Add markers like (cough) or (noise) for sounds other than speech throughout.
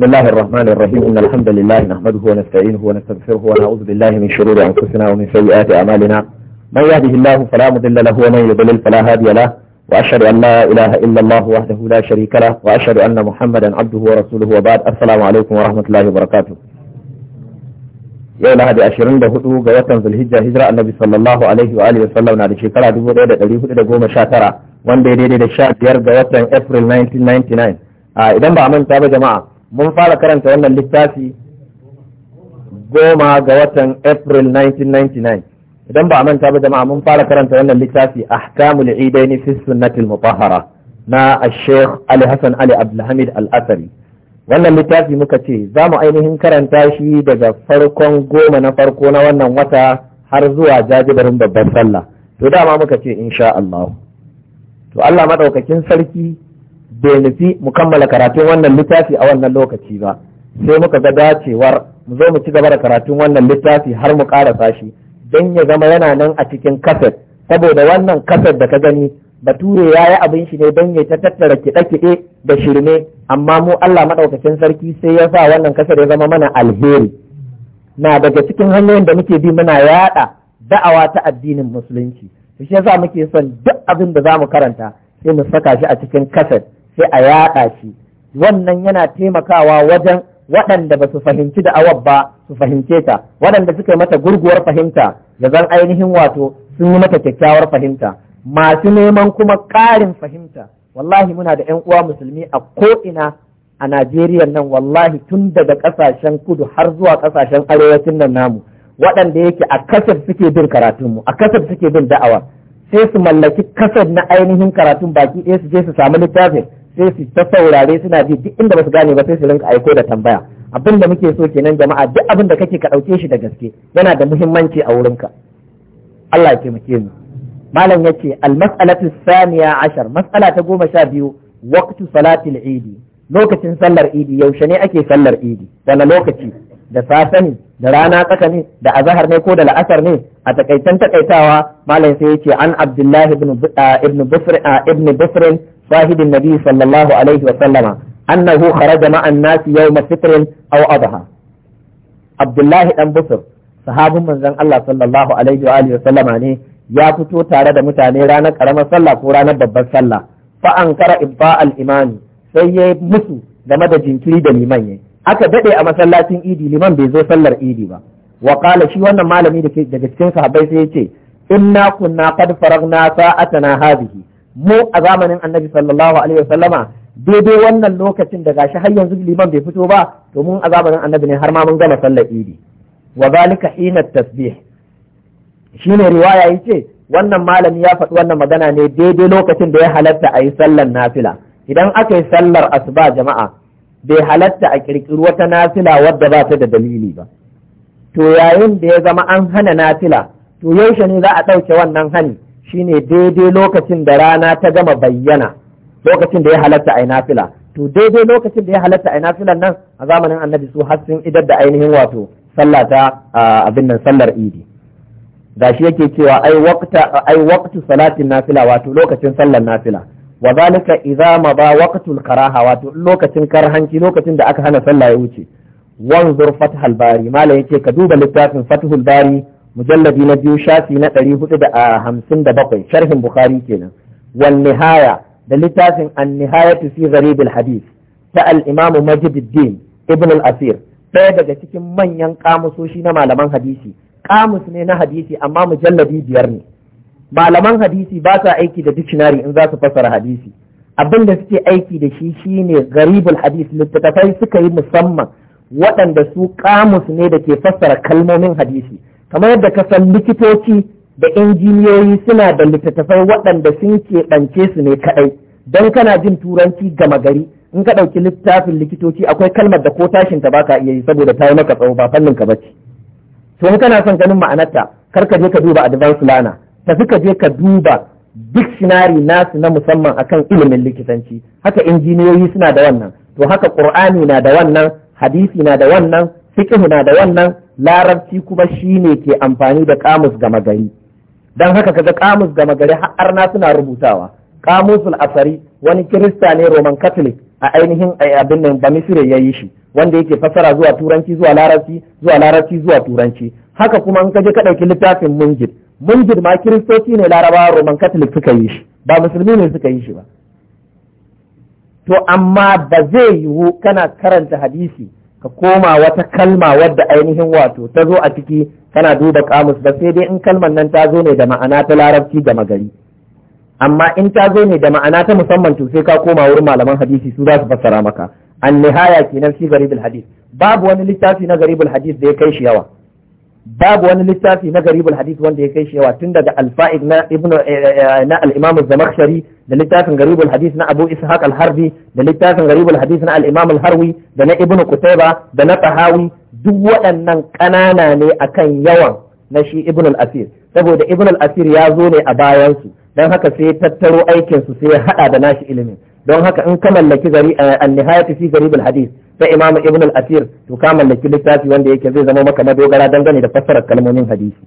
بسم الله الرحمن الرحيم إن الحمد لله نحمده ونستعينه ونستغفره ونعوذ بالله من شرور أنفسنا ومن سيئات أعمالنا من يهده الله فلا مضل له ومن يضلل فلا هادي له وأشهد أن لا إله إلا الله وحده لا شريك له وأشهد أن محمدا عبده ورسوله وبعد السلام عليكم ورحمة الله وبركاته يا لها دي da ده هدو watan zulhijja الهجة هجرة النبي صلى الله عليه وآله وسلم da shekara dubu daya ده ده ده da goma sha tara ده ده daidai da sha biyar ga 1999 idan ba a جماعة mun fara karanta wannan littafi goma ga watan april 1999 idan ba a manta ba jama'a mun fara karanta wannan littafi ahkamul idaini fi sunnatil mutahhara na al-sheikh Ali Hassan Ali Abdulhamid Al-Asari wannan littafi muka ce za mu ainihin karanta shi daga farkon goma na farko na wannan wata har zuwa jajibarin babbar sallah to dama muka ce insha Allah to Allah madaukakin sarki bai nufi mu kammala karatun wannan littafi a wannan lokaci ba sai muka ga dacewar mu zo mu ci gaba da karatun wannan littafi har mu ƙara shi don ya zama yana nan a cikin kaset saboda wannan kaset da ka gani bature ya yi abin shi ne don ya ta tattara kiɗe-kiɗe da shirme amma mu Allah maɗaukacin sarki sai ya sa wannan kasar ya zama mana alheri na daga cikin hanyoyin da muke bi muna yaɗa da'awa ta addinin musulunci shi yasa muke son duk abin da za mu karanta sai mu saka shi a cikin kaset sai a yaɗa shi wannan yana taimakawa wajen waɗanda ba su fahimci da awab ba su fahimce ta waɗanda suka yi mata gurguwar fahimta ya zan ainihin wato sun yi mata kyakkyawar fahimta masu neman kuma ƙarin fahimta wallahi muna da 'yan uwa musulmi a ko'ina a Najeriya nan wallahi tun daga ƙasashen kudu har zuwa ƙasashen arewacin nan namu waɗanda yake a kasar suke bin karatunmu a kasar suke bin da'awa sai su mallaki kasar na ainihin karatun baki ɗaya su je su samu littafin sai su ta saurare suna ji duk inda ba su gane ba sai su rinka aiko da tambaya abin da muke so kenan jama'a duk abin da kake ka ɗauke shi da gaske yana da muhimmanci a wurinka Allah ya taimake mu malam yace al mas'alatu thaniya ashar mas'ala ta goma sha biyu waqtu salatil idi lokacin sallar idi yaushe ne ake sallar idi wani lokaci da safe ne da rana tsaka ne da azahar ne ko da la'asar ne a takaitan takaitawa malam sai yace an abdullahi ibn ah, ibn busr ah, ibn busr صاحب النبي صلى الله عليه وسلم أنه خرج مع الناس يوم فطر أو أضحى عبد الله بن بصر صحاب ne ya fito tare da mutane ranar karamar sallah ko ranar babban sallah fa'an an kara ibba al imani sai ya musu game da jinkiri da liman yayi aka daɗe a masallacin idi liman bai zo sallar idi ba wa shi wannan malami da ke daga cikin sahabbai sai ya ce inna kunna qad faragna sa'atana hadhihi mu a zamanin annabi sallallahu alaihi wasallama daidai wannan lokacin da gashi har yanzu liman bai fito ba to mun a zamanin annabi ne har ma mun gama sallar idi wa zalika hina tasbih shine riwaya yace wannan malami ya faɗi wannan magana ne daidai lokacin da ya halatta a yi sallar nafila idan aka yi sallar asuba jama'a bai halatta a kirkiri wata nafila wadda ba ta da dalili ba to yayin da ya zama an hana nafila to yaushe ne za a ɗauke wannan hani shine daidai lokacin da rana ta gama bayyana lokacin da ya halatta a nafila to daidai lokacin da ya halatta a nafilan nan a zamanin annabi su har idar da ainihin wato sallah ta abin nan sallar idi shi yake cewa ai waqta ai waqtu salatin nafila wato lokacin sallar nafila wa zalika idza ma ba waqtul karaha wato lokacin karhanci lokacin da aka hana sallah ya wuce wanzur fathul bari malam ce ka duba littafin fathul bari mujalladi na biyu shafi na ɗari hudu da ah, hamsin da bakwai sharhin bukhari kenan wal nihaya da littafin an tu fi gharib al ta al imamu majididdin ibn al asir ɗaya daga cikin manyan kamusoshi na malaman hadisi kamus ne na hadisi amma mujalladi biyar ne malaman hadisi ba sa aiki da dictionary in za su fasara hadisi abin da suke aiki da shi shine garibul hadis littattafai suka yi musamman waɗanda su kamus ne da ke fassara kalmomin hadisi kamar yadda ka san likitoci da injiniyoyi suna da littattafai waɗanda sun keɓance su ne kaɗai don kana jin turanci gama gari in ka ɗauki littafin likitoci akwai kalmar da ko tashin ka baka iya yi saboda ta yi maka tsawo ba fannin ka bace to in kana son ganin ma'anarta kar ka je ka duba advanced lana tafi ka je ka duba dictionary nasu na musamman akan ilimin likitanci haka injiniyoyi suna da wannan to haka qur'ani na da wannan hadisi na da wannan fiqh na da wannan larabci kuma shi ne ke amfani da kamus gama gari don haka kaga kamus gama gari har na suna rubutawa kamusul asari wani kirista ne roman catholic a ainihin abin nan bamisire ya yi shi wanda yake fassara zuwa turanci zuwa larabci zuwa larabci zuwa turanci haka kuma in ka je ka littafin mungid mungid ma kiristoci ne larabawa roman catholic suka yi shi ba musulmi ne suka yi shi ba to amma ba zai yiwu kana karanta hadisi ka koma wata kalma wadda ainihin wato ta zo a ciki kana duba kamus ba sai dai in kalman nan ta zo ne da ma'ana ta larabci gama gari amma in ta zo ne da ma'ana ta musamman to sai ka koma wurin malaman hadisi su za su fassara maka an nihaya kenan fi garibul hadis babu wani littafi na garibul hadis da ya kai shi yawa babu wani littafi na garibul hadis wanda ya kai shi yawa tun daga alfa'id na ibnu eh, eh, eh, na al-imam az-zamakhshari da littafin garibul hadis na abu ishaq al-harbi da littafin garibul hadis na al-imam al-harwi da na ibnu kutaiba da na tahawi duk waɗannan ƙanana ne akan yawan na shi ibn al-asir saboda ibn al-asir ya zo ne a bayansu don haka sai ya tattaro aikinsu sai ya haɗa da nashi ilimin don haka in ka mallaki gari eh, an-nihayat fi garib al-hadith ta imam ibn al-asir to ka mallaki littafi wanda yake zai zama maka madogara dangane da fassarar kalmomin hadisi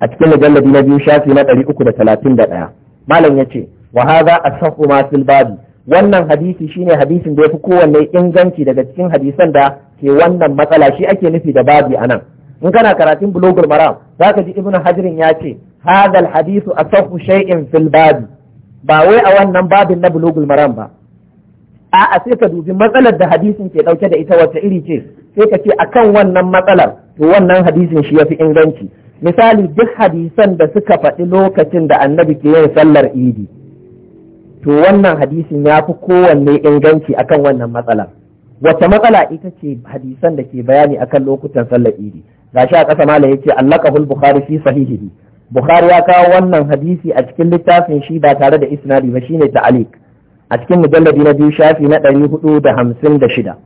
a cikin mujalladi na biyu shafi na 331 malam yace wa hadha asahhu ma fil babi wannan hadisi shine hadisin da yafi kowanne inganci daga cikin hadisan da ke wannan matsala shi ake nufi da babi anan in kana karatun bulogul maram zaka ji ibnu hajirin ya ce hadha al hadisu asahhu shay'in fil babi ba wai a wannan babin na bulogul maram ba a'a sai ka dubi matsalar da hadisin ke dauke da ita wacce iri ce sai ka ce akan wannan matsalar to wannan hadisin shi yafi inganci misali duk hadisan da suka faɗi lokacin da annabi ke yin sallar idi to wannan hadisin ya fi kowanne inganci akan wannan matsala wace matsala ita ce hadisan da ke bayani akan lokutan sallar idi gashi a ƙasa malam yace allaqahul bukhari fi sahihihi bukhari ya kawo wannan hadisi a cikin littafin shi ba tare da isnadi ba shine ta'liq a cikin mujalladi na biyu shafi na ɗari hudu da hamsin da shida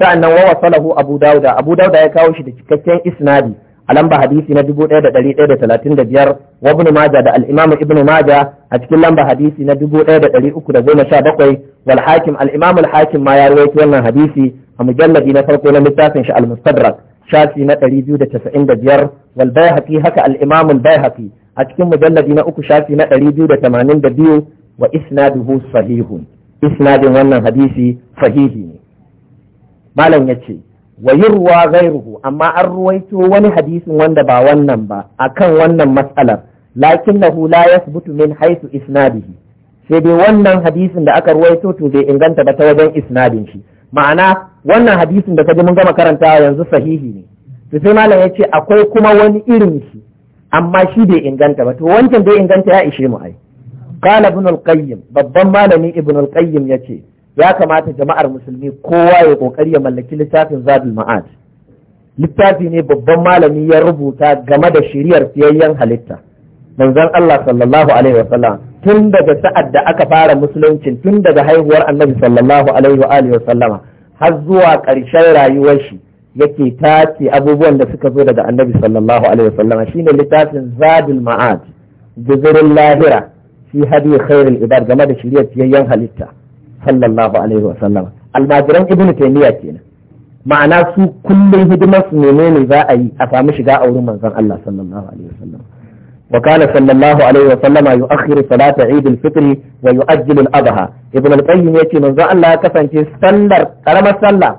sa'annan wa wasalahu abu dauda abu dauda ya kawo shi da cikakken isnadi a lamba hadisi na 1135 wa ibn maja da al ibnu maja a cikin lamba hadisi na 1317 wal hakim al-imam al-hakim ma ya rawaito wannan hadisi a mujalladi na farko na littafin shi al-mustadrak shafi na 295 wal bayhaqi haka al-imam al-bayhaqi a cikin mujalladi na uku shafi na 282 wa isnaduhu sahihun isnadin wannan hadisi sahihi ne malam yace wa yurwa ruhu, amma an ruwaito wani hadisin wanda ba wannan ba akan wannan matsalar lakinnahu la yathbutu min haythu isnadihi sai dai wannan hadisin da aka ruwaito to bai inganta ba ta wajen isnadin shi ma'ana wannan hadisin da kaji mun gama karantawa yanzu sahihi ne to sai malam ya ce akwai kuma wani irin shi amma shi bai inganta ba to wancan bai inganta ya ishe mu ai qala ibn al-qayyim babban malamin ibn al-qayyim yace ya kamata jama'ar musulmi kowa ya kokari ya mallaki littafin zadul ma'ad littafi ne babban malami ya rubuta game da shiriyar fiyayyen halitta manzon Allah sallallahu alaihi wa sallam tun daga sa'ad da aka fara musuluncin tun daga haihuwar annabi sallallahu alaihi wa alihi wa sallama har zuwa karshen rayuwar shi yake tace abubuwan da suka zo daga annabi sallallahu alaihi wa sallama shine littafin zadul ma'ad guzurin lahira fi hadi khairul ibad game da shiriyar fiyayyen halitta sallallahu alaihi wa sallama almajiran ibn taymiya kenan ma'ana su kullum hidimar su ne za a yi a samu shiga a wurin manzon Allah sallallahu alaihi wa sallama sallallahu alaihi wa sallama الله عليه وسلم يؤخر صلاة عيد الفطر ويؤجل الأضحى Ibn al يأتي من ذا الله كفن kasance sallar karamar السلة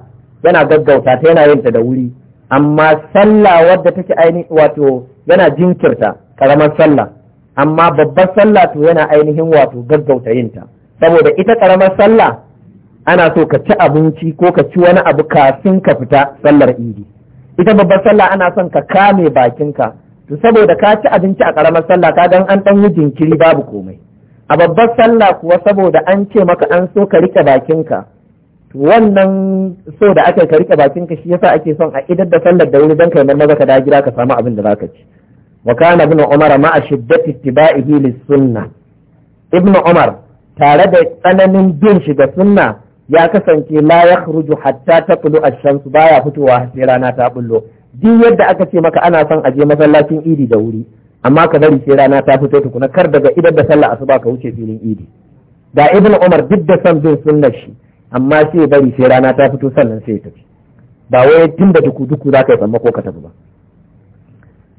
yana gaggauta ta yana yin ta da wuri amma sallah wadda take aini wato yana jinkirta karamar sallah amma babbar sallah to yana ainihin wato gaggauta yin ta saboda ita karamar sallah ana so ka ci abinci ko ka ci wani abu kafin ka fita sallar idi ita babbar sallah ana son ka kame bakinka to saboda ka ci abinci a karamar sallah ka dan an dan jinkiri babu komai a babbar sallah kuwa saboda an ce maka an so ka rike bakinka wannan so da aka ka rike bakinka shi yasa ake son a idar da sallar da wuri dan kai maza ka da gira ka samu abin da ka ci wa kana ibn umar ma ashiddati ittiba'ihi lis sunnah ibn umar tare da tsananin bin shi da sunna ya kasance la ruju hatta ta taqulu shansu ba baya fitowa sai rana ta bullo duk yadda aka ce maka ana son aje masallacin idi da wuri amma ka bari sai rana ta fito tukuna kar daga idan da sallah asuba ka wuce filin idi da Ibn umar duk da son bin sunnar shi amma sai bari sai rana ta fito sannan sai ta tafi ba wai tun da duku duku za ka yi sammako ka tafi ba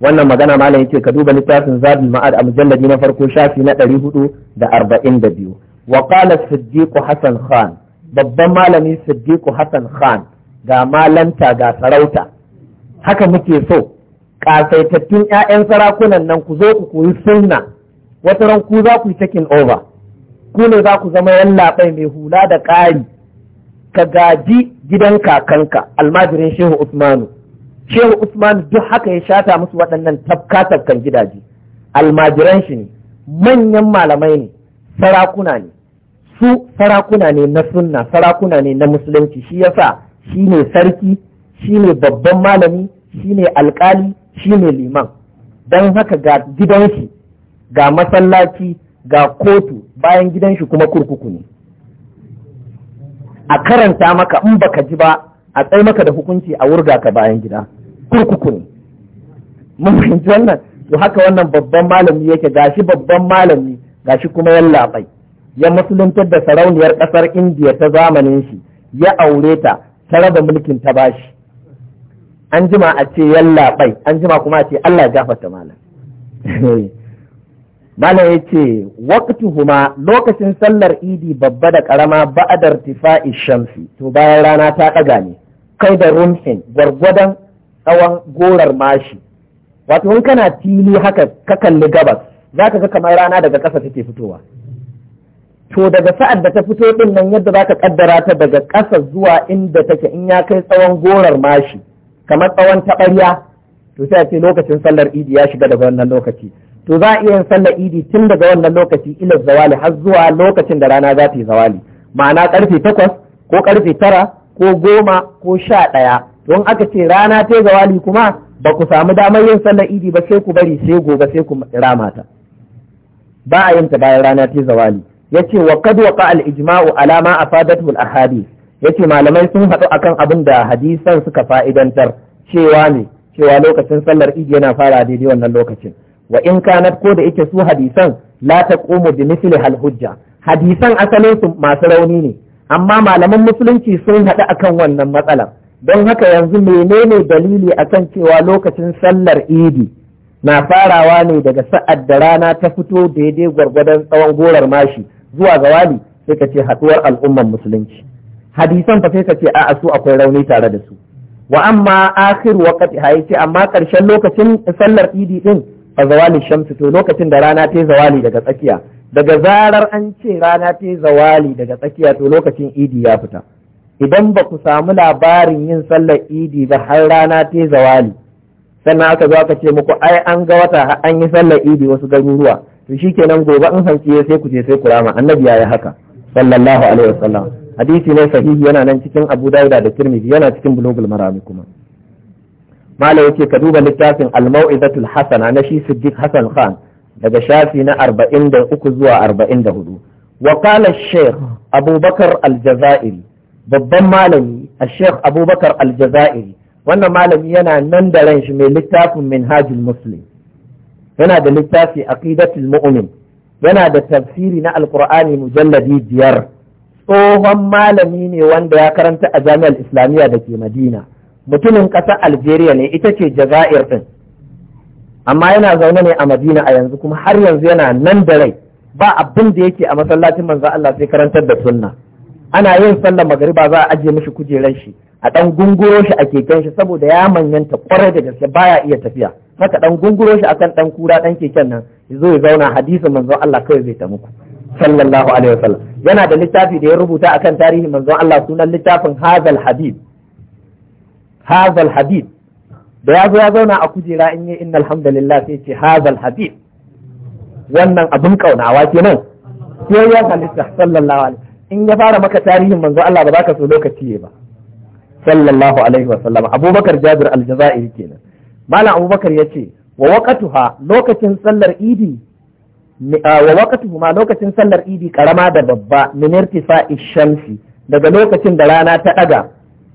wannan magana malam yake ka duba littafin Zabin ma'ad a mujalladi na farko shafi na ɗari hudu da arba'in da biyu wa qala siddiq hasan babban malami siddiq Hassan khan ga malanta ga sarauta haka muke so kasaitattun 'ya'yan sarakunan nan ku zo ku koyi sunna wata ran ku za ku yi taking over ku ne za ku zama yallaɓai mai hula da ƙari ka gaji gidan kakanka almajirin shehu usmanu shehu usmanu duk haka ya shata musu waɗannan tafka tafkan gidaje almajiran shi ne manyan malamai ne sarakuna ne su sarakuna ne na sunna sarakuna ne na musulunci shi yasa shi ne sarki shi ne babban malami shi ne alkali shi ne liman don haka ga gidanshi ga masallaci ga kotu bayan gidanshi kuma kurkuku ne a karanta maka in baka ji ba a tsai maka da hukunci a wurga ka bayan gida kurkuku ne mun wannan to haka wannan babban malami yake gashi babban malami gashi kuma yallaɓai ya musuluntar da sarauniyar ƙasar indiya ta zamanin shi ya aure ta ta raba mulkin ta bashi an jima a ce yallaɓai. an jima kuma a ce allah gafarta malam (laughs) malam ya ce huma lokacin sallar idi babba da karama ba'adar tifa'i shamsi to bayan rana ta ɗaga ne kai da rumhin gwargwadon tsawon gorar mashi wato in kana fili haka ka kalli gabas za ka ga kamar rana daga ƙasa take fitowa to daga sa'ad da ta fito din nan yadda za ka kaddara ta daga ƙasa zuwa inda take in ya kai tsawon gorar mashi kamar tsawon taɓarya to sai a ce lokacin sallar idi ya shiga daga wannan lokaci to za a iya yin sallar idi tun daga wannan lokaci ila zawali har zuwa lokacin da rana za ta yi zawali ma'ana karfe takwas ko karfe tara ko goma ko sha ɗaya don aka ce rana ta zawali kuma ba ku samu damar yin sallar idi ba sai ku bari sai gobe sai ku rama ta ba a yin ta bayan rana ta zawali yace wa qad waqa al ijma'u ala ma afadatu al ahadith yace malamai sun haɗu akan abin da hadisan suka fa'idantar cewa ne cewa lokacin sallar idi yana fara daidai wannan lokacin wa in kanat ko da yake su hadisan la taqumu bi misli hal hujja hadisan asalin su masu rauni ne amma malaman musulunci sun haɗu akan wannan matsalar don haka yanzu menene dalili akan cewa lokacin sallar idi na farawa ne daga sa'ad da rana ta fito daidai gwargwadon tsawon gorar mashi zuwa ga wali sai ka ce haɗuwar al'ummar musulunci hadisan fa sai ka ce a'a su akwai rauni tare da su wa amma akhir waqti hayi ce amma karshen lokacin sallar idi din fa zawali shamsu to lokacin da rana ta zawali daga tsakiya daga zarar an ce rana ta zawali daga tsakiya to lokacin idi ya fita idan ba ku samu labarin yin sallar idi ba har rana ta zawali sannan aka zo aka ce muku ai an ga wata an yi sallar idi wasu garuruwa to shikenan gobe in hantsi ya sai ku je sai ku rama annabi yayi haka sallallahu alaihi wasallam hadisi ne sahihi yana nan cikin Abu Dawud da Tirmidhi yana cikin Bulughul Marami kuma mala yake ka duba littafin al-mau'izatul hasana na shi siddiq hasan khan daga shafi na 43 zuwa 44 wa qala shaykh abubakar al-jazairi babban malami shaykh abubakar al-jazairi wannan malami yana nan da ran shi mai littafin minhajul muslim yana da littafi aqidatul mu'min yana da tafsiri na alqur'ani mujalladi biyar tsohon malami ne wanda ya karanta a jami'ar islamiyya da ke madina mutumin ƙasar algeria ne ita ce jaza'ir din amma yana zaune ne a madina a yanzu kuma har yanzu yana nan da rai ba abin da yake a masallacin manzo Allah sai karantar da sunna ana yin sallar magariba za a ajiye mishi kujeran shi a dan gunguro shi a keken shi saboda ya manyanta kwarai da gaske baya iya tafiya haka dan gunguro shi akan dan kura dan keken nan yazo ya zauna hadisin manzon Allah kawai zai ta muku sallallahu alaihi wasallam yana da littafi da ya rubuta akan tarihi manzon Allah sunan littafin Hazal Habib Hazal Habib da ya zo ya zauna a kujera in yi inna alhamdulillah sai ce hazal habib wannan abin kaunawa kenan sai ya halitta sallallahu alaihi in ya fara maka tarihin manzo Allah ba za ka so lokaci ba sallallahu alaihi wa sallam abubakar jabir aljazairi kenan malam abubakar yace ce wa waqatuha lokacin sallar idi ah, wa waqatuhu ma lokacin sallar idi karama da babba min irtifa'i shamsi daga lokacin da rana ta daga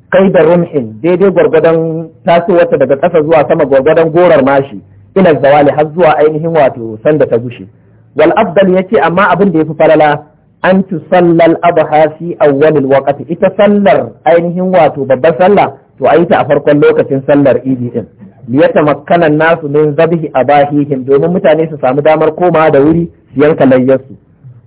kai da rumhin daidai gwargwadon tasowarta daga ƙasa zuwa sama gwargwadon gorar mashi ila zawali har zuwa ainihin wato sanda ta gushe wal afdal yace amma abin da yafi falala an tusallal abha fi awwalil wakati ita sallar ainihin wato babbar sallah to a yi ta a farkon lokacin sallar idi din liyata makkanan nasu min zabihi abahihim domin mutane su samu damar koma da wuri su yanka layyarsu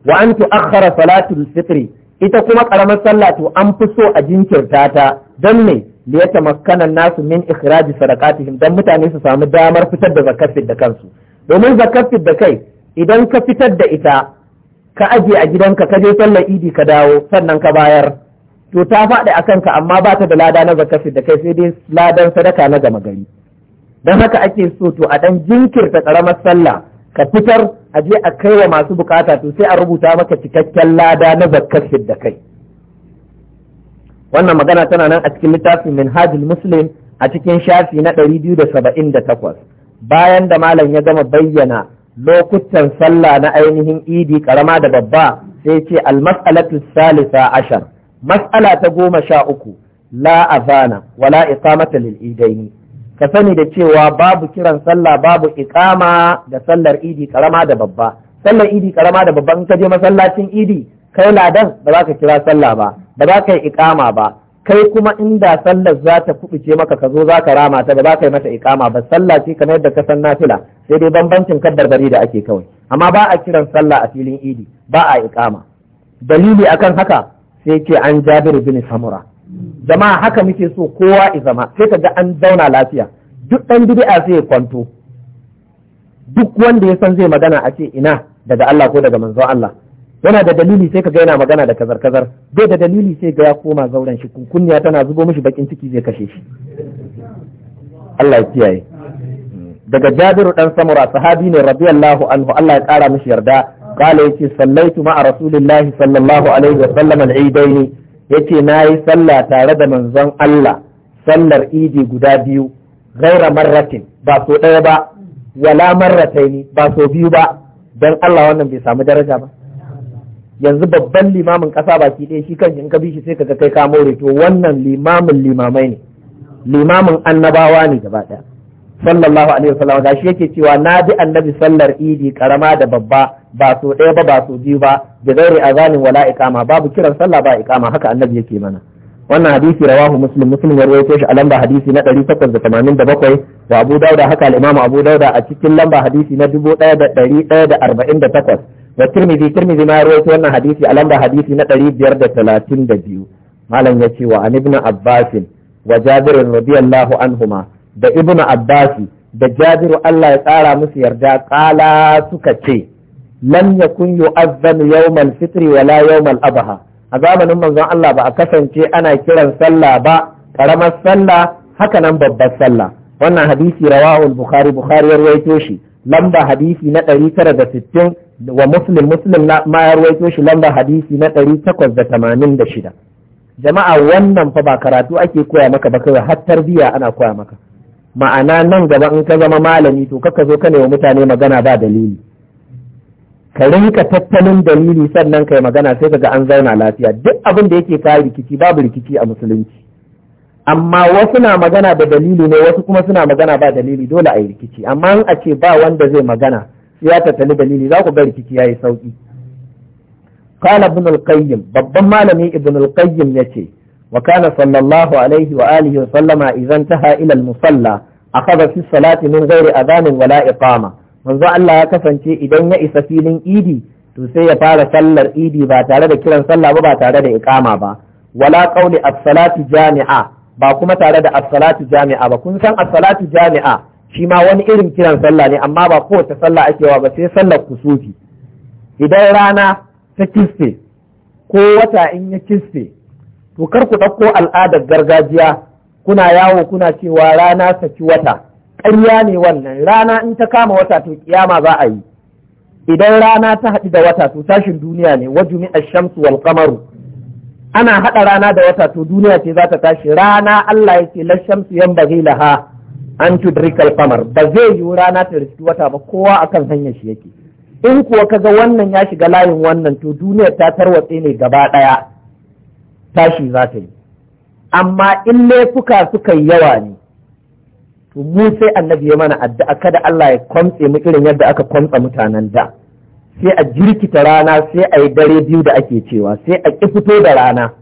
wa an tu'akhkhara salatul fitri ita kuma karamar sallah to an fi so a jinkirta ta don me liyata makkanan nasu min ikhraji sadaqatihim dan mutane su samu damar fitar da zakar da kansu domin zakar da kai idan ka fitar da ita ka ajiye a gidanka ka je sallar idi ka dawo sannan ka bayar to ta faɗi a kanka amma ba ta da lada na zakafi da kai sai dai ladan sadaka na gama gari don haka ake so to a ɗan jinkirta ƙaramar sallah ka fitar a je a kai wa masu bukata to sai a rubuta maka cikakken lada na zakafi da kai wannan magana tana nan a cikin littafin minhajul muslim a cikin shafi na ɗari biyu da da bayan da malam ya gama bayyana lokutan sallah na ainihin idi karama da babba sai ce almas'alatu salisa ashar mas'ala ta goma sha uku la azana wala iqamata lil idaini ka sani da cewa babu kiran sallah babu iqama da sallar idi karama da babba sallar idi karama da babba in ka je masallacin idi kai ladan ba za ka kira sallah ba ba za ka yi iqama ba kai kuma inda sallar za ta kubuce maka ka zo za ka rama ta ba za ka yi mata ikama ba sallah ce kamar yadda kasan san nafila sai dai bambancin kaddar bari da ake kawai amma ba a kiran sallah a filin idi ba a ikama dalili akan haka sai ce an jabir bin samura jama'a haka muke so kowa izama sai ka ga an zauna lafiya duk dan bid'a sai ya kwanto duk wanda ya san zai magana a ce ina daga Allah ko daga manzon Allah yana da dalili sai kaga yana magana da kazar kazar bai da dalili sai ga ya koma zauren shi kunkunniya tana zubo mishi bakin ciki zai kashe shi Allah ya kiyaye daga Jabiru dan Samura sahabi ne radiyallahu anhu Allah ya kara mishi yarda kala yace sallaitu ma'a rasulillahi sallallahu alaihi wa sallam al eidain yace nayi sallah tare da manzon Allah sallar idi guda biyu gaira marratin ba so daya ba wala marrataini ba so biyu ba dan Allah wannan bai samu daraja ba yanzu babban limamin ƙasa baki ɗaya shi kan in ka bi shi sai kaga kai ka more to wannan limamin limamai ne limamin annabawa ne gaba ɗaya sallallahu alaihi wasallam da shi yake cewa na bi annabi sallar idi karama da babba ba so ɗaya ba ba so biyu ba da gairi azanin wala iqama babu kiran sallah ba iqama haka annabi yake mana wannan hadisi rawahu muslim muslim ya rawaito shi a lamba hadisi na takwas da abu dauda haka al-imam abu dauda a cikin lamba hadisi na dubu da da 1148 da tirmidhi tirmidhi ma rawaito wannan hadisi a lamba hadisi na ɗari biyar da talatin da biyu malam ya ce wa an ibn abbas wa jabir radiyallahu anhuma da ibn abbasi da jabiru Allah ya tsara musu yarda kala suka ce lam yakun yu'azzanu yawmal fitri wala yawmal adha a zamanin manzon Allah ba a kasance ana kiran sallah ba karamar sallah haka nan babbar sallah wannan hadisi rawahu bukhari bukhari ya rawaito shi lamba hadisi na ɗari tara da sittin wa muslim muslim na ma ya shi lamba hadisi na ɗari takwas da tamanin da shida jama'a wannan fa ba karatu ake koya maka ba kawai har tarbiyya ana koya maka ma'ana nan gaba in ka zama malami to kaka zo ka wa mutane magana ba dalili ka rinka tattalin dalili sannan kai magana sai kaga an zauna lafiya duk abin da yake kawo rikici babu rikici a musulunci amma wasu na magana da dalili ne wasu kuma suna magana ba dalili dole a yi rikici amma in a ce ba wanda zai magana ya tattali dalili za ku ga rikici yi sauƙi? qala ibn al-qayyim babban malami ibn al-qayyim yace wa kana sallallahu alaihi wa alihi wa sallama idan taha ila al-musalla akhadha fi salati min ghairi adhan wala iqama manzo Allah ya kasance idan ya isa filin idi to sai ya fara sallar idi ba tare da kiran sallah ba ba tare da iqama ba wala qauli as-salati jami'a ba kuma tare da as-salati jami'a ba kun san as-salati jami'a shi ma wani irin kiran sallah ne amma ba kowace sallah ake wa ba sai sallar kusufi idan rana ta kiste ko wata in ya kiste to kar ku ɗauko al'adar gargajiya kuna yawo kuna cewa rana saki wata ƙarya ne wannan rana in ta kama wata to kiyama za a yi idan rana ta haɗu da wata to tashin duniya ne wajumi jumi'a shamsu wal qamaru ana haɗa rana da wata to duniya ce za ta tashi rana Allah yake lashamsu yan yanbaghi laha an tudrikal kamar ba zai yi rana ta riski wata ba kowa akan hanyar shi yake in kuwa kaga wannan ya shiga layin wannan to duniya ta tarwatse ne gaba ɗaya tashi za ta yi amma in laifuka suka yi yawa ne to mu sai annabi ya mana addu'a kada Allah ya kwamtse mu irin yadda aka kwamtsa mutanen da sai a jirkita rana sai a yi dare biyu da ake cewa sai a ki fito da rana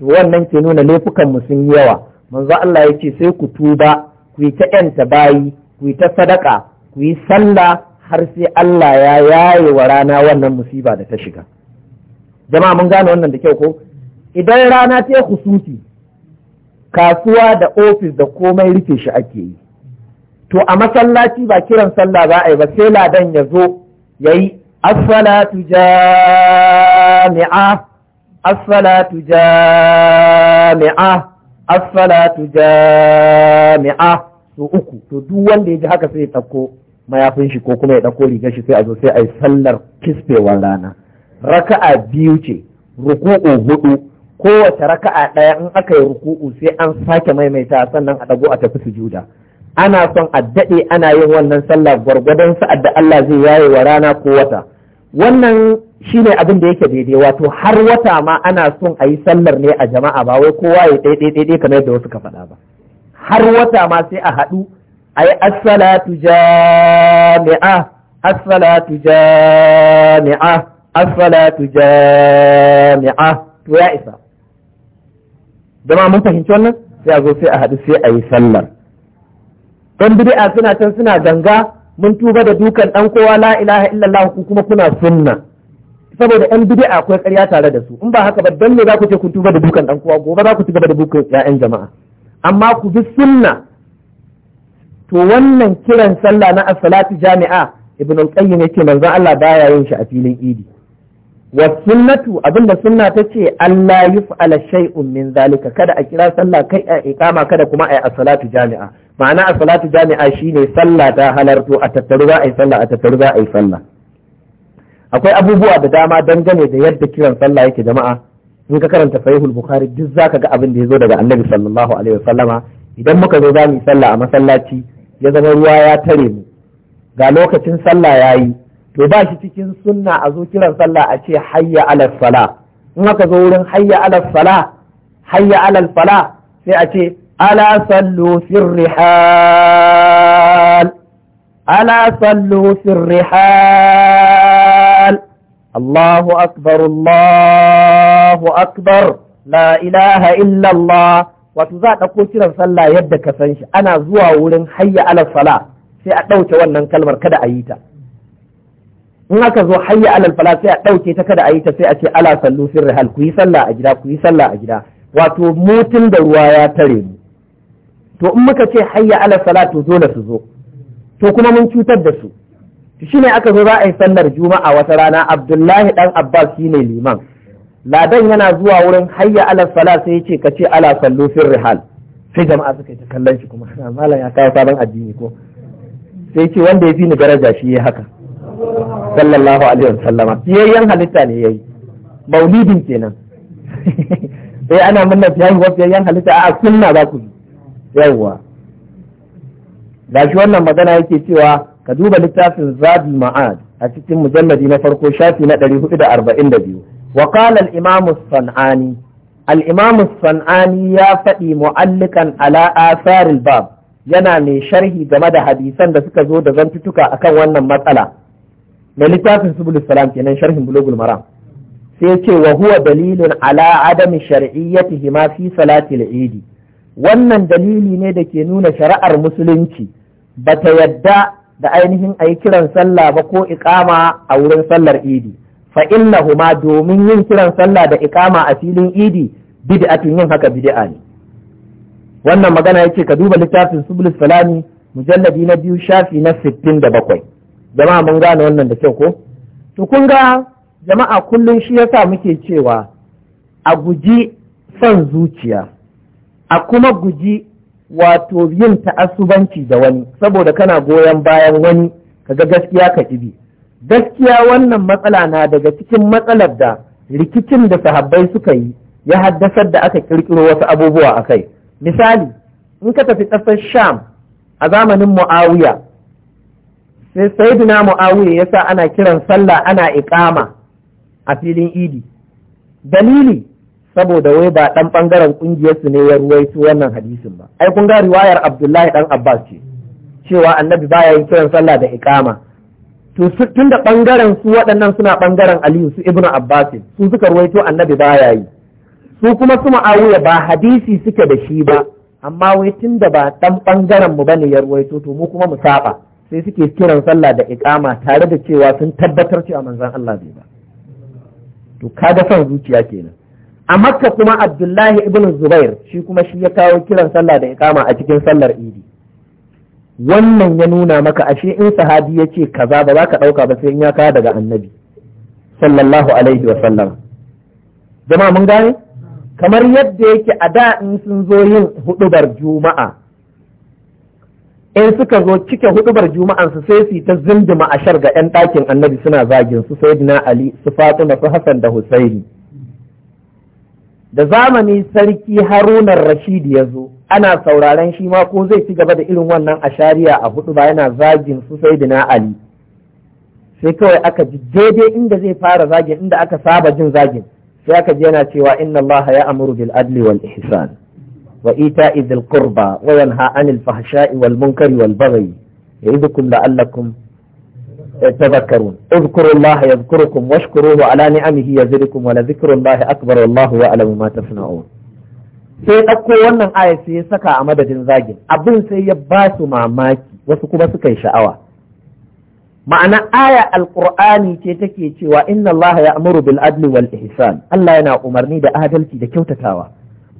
to wannan ke nuna laifukan mu sun yawa manzo Allah ya ce sai ku tuba ku yi ta ‘yanta bayi ku yi ta sadaka ku yi sallah har sai Allah ya yaye wa rana wannan musiba da ta shiga jama'a mun gane wannan da kyau ko idan rana ta hususi kasuwa da ofis da komai rufe shi ake yi to a masallaci ba kiran sallah ba a yi ba sai ladan ya zo ya yi Asalatu jami'a Asalatu jami'a as-salatu jami'a su uku to duk wanda ya ji haka sai ya ɗauko mayafin shi ko kuma ya ɗauko rigar shi sai a zo sai a yi sallar kisfewar rana raka'a biyu ce ruku'u hudu kowace raka'a ɗaya in aka yi ruku'u sai an sake maimaita sannan a ɗago a tafi sujuda ana son a daɗe ana yin wannan sallah gwargwadon sa'ad da Allah zai yaye wa rana ko wata wannan shi ne abin da yake daidai wato har wata ma ana son a yi sallar ne a jama'a ba wai kowa ya ɗaiɗai ɗaiɗai kamar yadda wasu ka faɗa ba har wata ma sai a haɗu a yi assalatu jami'a assalatu jami'a assalatu jami'a to ya isa jama'a mun fahimci wannan sai a zo sai a haɗu sai a yi sallar ɗan bid'a suna can suna ganga mun tuba da dukan ɗan kowa la ilaha illallah ku kuma kuna sunna saboda yan bid'a akwai ƙarya tare da su in ba haka ba dan ne za ku ce kun tuba da dukan dan kowa gobe za ku ci gaba da dukan ƴaƴan jama'a amma ku bi sunna to wannan kiran sallah na as-salatu jami'a ibn al-qayyim yake manzon Allah baya yin shi a filin idi wa sunnatu abinda sunna ce Allah yuf'ala shay'un min zalika kada a kira sallah kai a iqama kada kuma a as-salatu jami'a ma'ana as-salatu jami'a shine sallah ta halarto a tattaru za a yi sallah a tattaru za a yi sallah akwai abubuwa da dama dangane da yadda kiran sallah yake jama'a in ka karanta sahihul bukhari duk zaka ga abin da ya zo daga annabi sallallahu alaihi wasallama idan muka zo zamu yi sallah a masallaci ya zama ruwa ya tare mu ga lokacin sallah yayi to ba shi cikin sunna a zo kiran sallah a ce hayya ala sala in aka zo wurin hayya ala sala hayya ala Sala, sai a ce ala sallu sirrihal ala sallu sirrihal الله أكبر الله أكبر لا إله إلا الله وتزاد أقول كيرا صلى يدك فنش أنا زوا ولن حي على الصلاة sai a ɗauke wannan kalmar kada a yi ta in aka zo hayya alal fala sai a ɗauke ta kada a yi ta sai a ce ala sallu fi rihal ku yi sallah a gida ku yi sallah a gida wato mutun da ruwa ya tare mu to in muka ce hayya alal fala to dole su zo to kuma mun cutar da su shi ne aka zo za a yi sallar juma'a wata rana abdullahi dan abbas shi ne liman ladan yana zuwa wurin hayya ala sala sai ya ce ka ce ala sallu fir rihal sai jama'a suka yi ta kallon shi kuma ana malam ya kawo sabon addini ko sai ce wanda ya fi ni daraja shi ya haka sallallahu alaihi wasallama yayyan halitta ne yayi maulidin kenan sai (laughs) eh, ana munna fiyayyen yayyan halitta a sunna za ku yi yawwa shi wannan magana yake cewa ka duba littafin Zabi ma'ad a cikin mujalladi na farko shafi na 442 wa qala al imam sanani al imam sanani ya faɗi mu'allikan ala athar al bab yana mai sharhi game da hadisan da suka zo da zantutuka akan wannan matsala mai littafin subul salam kenan sharhin bulugul maram sai ce wa huwa dalilun ala adami shar'iyyatihi ma fi idi wannan dalili ne da ke nuna shari'ar musulunci bata yadda da ainihin a yi kiran sallah ba ko iƙama a wurin sallar idi fa huma domin yin kiran sallah da ikama a filin idi bid'atun yin haka bidi'a ne wannan magana yake ka duba littafin sublu salami mujalladi na biyu shafi na sittin da bakwai jama'a mun gane wannan da kyau ko to kun ga jama'a kullum shi yasa muke cewa a guji son zuciya a kuma guji wato yin ta'asubanci da wani saboda kana goyon bayan wani kaga gaskiya ka ibi gaskiya wannan matsala na daga cikin matsalar da rikicin da sahabbai suka yi ya haddasar da aka kirkiro wasu abubuwa a kai misali in ka tafi ƙasar sham a zamanin mu'awiya sai sayyidina mu'awiya ya sa ana kiran sallah ana iƙama a filin idi dalili saboda wai ba ɗan ɓangaren ƙungiyarsu ne ya ruwaito wannan hadisin ba ai kun ga riwayar abdullahi ɗan abbas ce cewa annabi baya yin kiran sallah da iqama to tun da ɓangaren su waɗannan suna ɓangaren aliyu su ibnu abbas su suka ruwaito annabi baya yi su kuma su ma'awiya ba hadisi suke da shi ba amma wai tun da ba ɗan ɓangaren mu bane ya ruwaito to mu kuma mu saba sai suke kiran sallah da iqama tare da cewa sun tabbatar cewa manzan Allah bai ba to kaga son zuciya kenan a makka kuma abdullahi ibn zubair shi kuma shi ya kawo kiran sallah da ikama a cikin sallar idi wannan ya nuna maka ashe in sahabi ya ce kaza ba za ka ɗauka ba sai in ya kawo daga annabi sallallahu alaihi wa sallam jama'a mun gane kamar yadda yake a da in sun zo yin hudubar juma'a in suka zo cike hudubar juma'an su sai su ta zindima ashar ga 'yan ɗakin annabi suna zagin su sayyidina ali su fatima su hasan da husaini da zamani sarki harunan Rashid ya zo ana sauraron shi ma ko zai ci gaba da irin wannan ashariya a hudu ba yana zagin su sai ali sai kawai aka ji daidai inda zai fara zagin inda aka saba jin zagin sai aka ji yana cewa inna allaha ya amuru bil adli wal ihsan wa ita dhil qurba wa yanha anil fahsha'i wal munkari wal baghi ya'idukum la'allakum تذكرون اذكروا الله يذكركم واشكروه على نعمه يزدكم ولذكر الله والله يعلم ما تصنعون sai ɗauko wannan aya sai ya saka a madadin zagin abin sai ya ba su mamaki wasu kuma suka yi sha'awa ma'ana aya alqur'ani ce take cewa inna allaha ya'muru bil adli wal ihsan Allah yana umarni da adalci da kyautatawa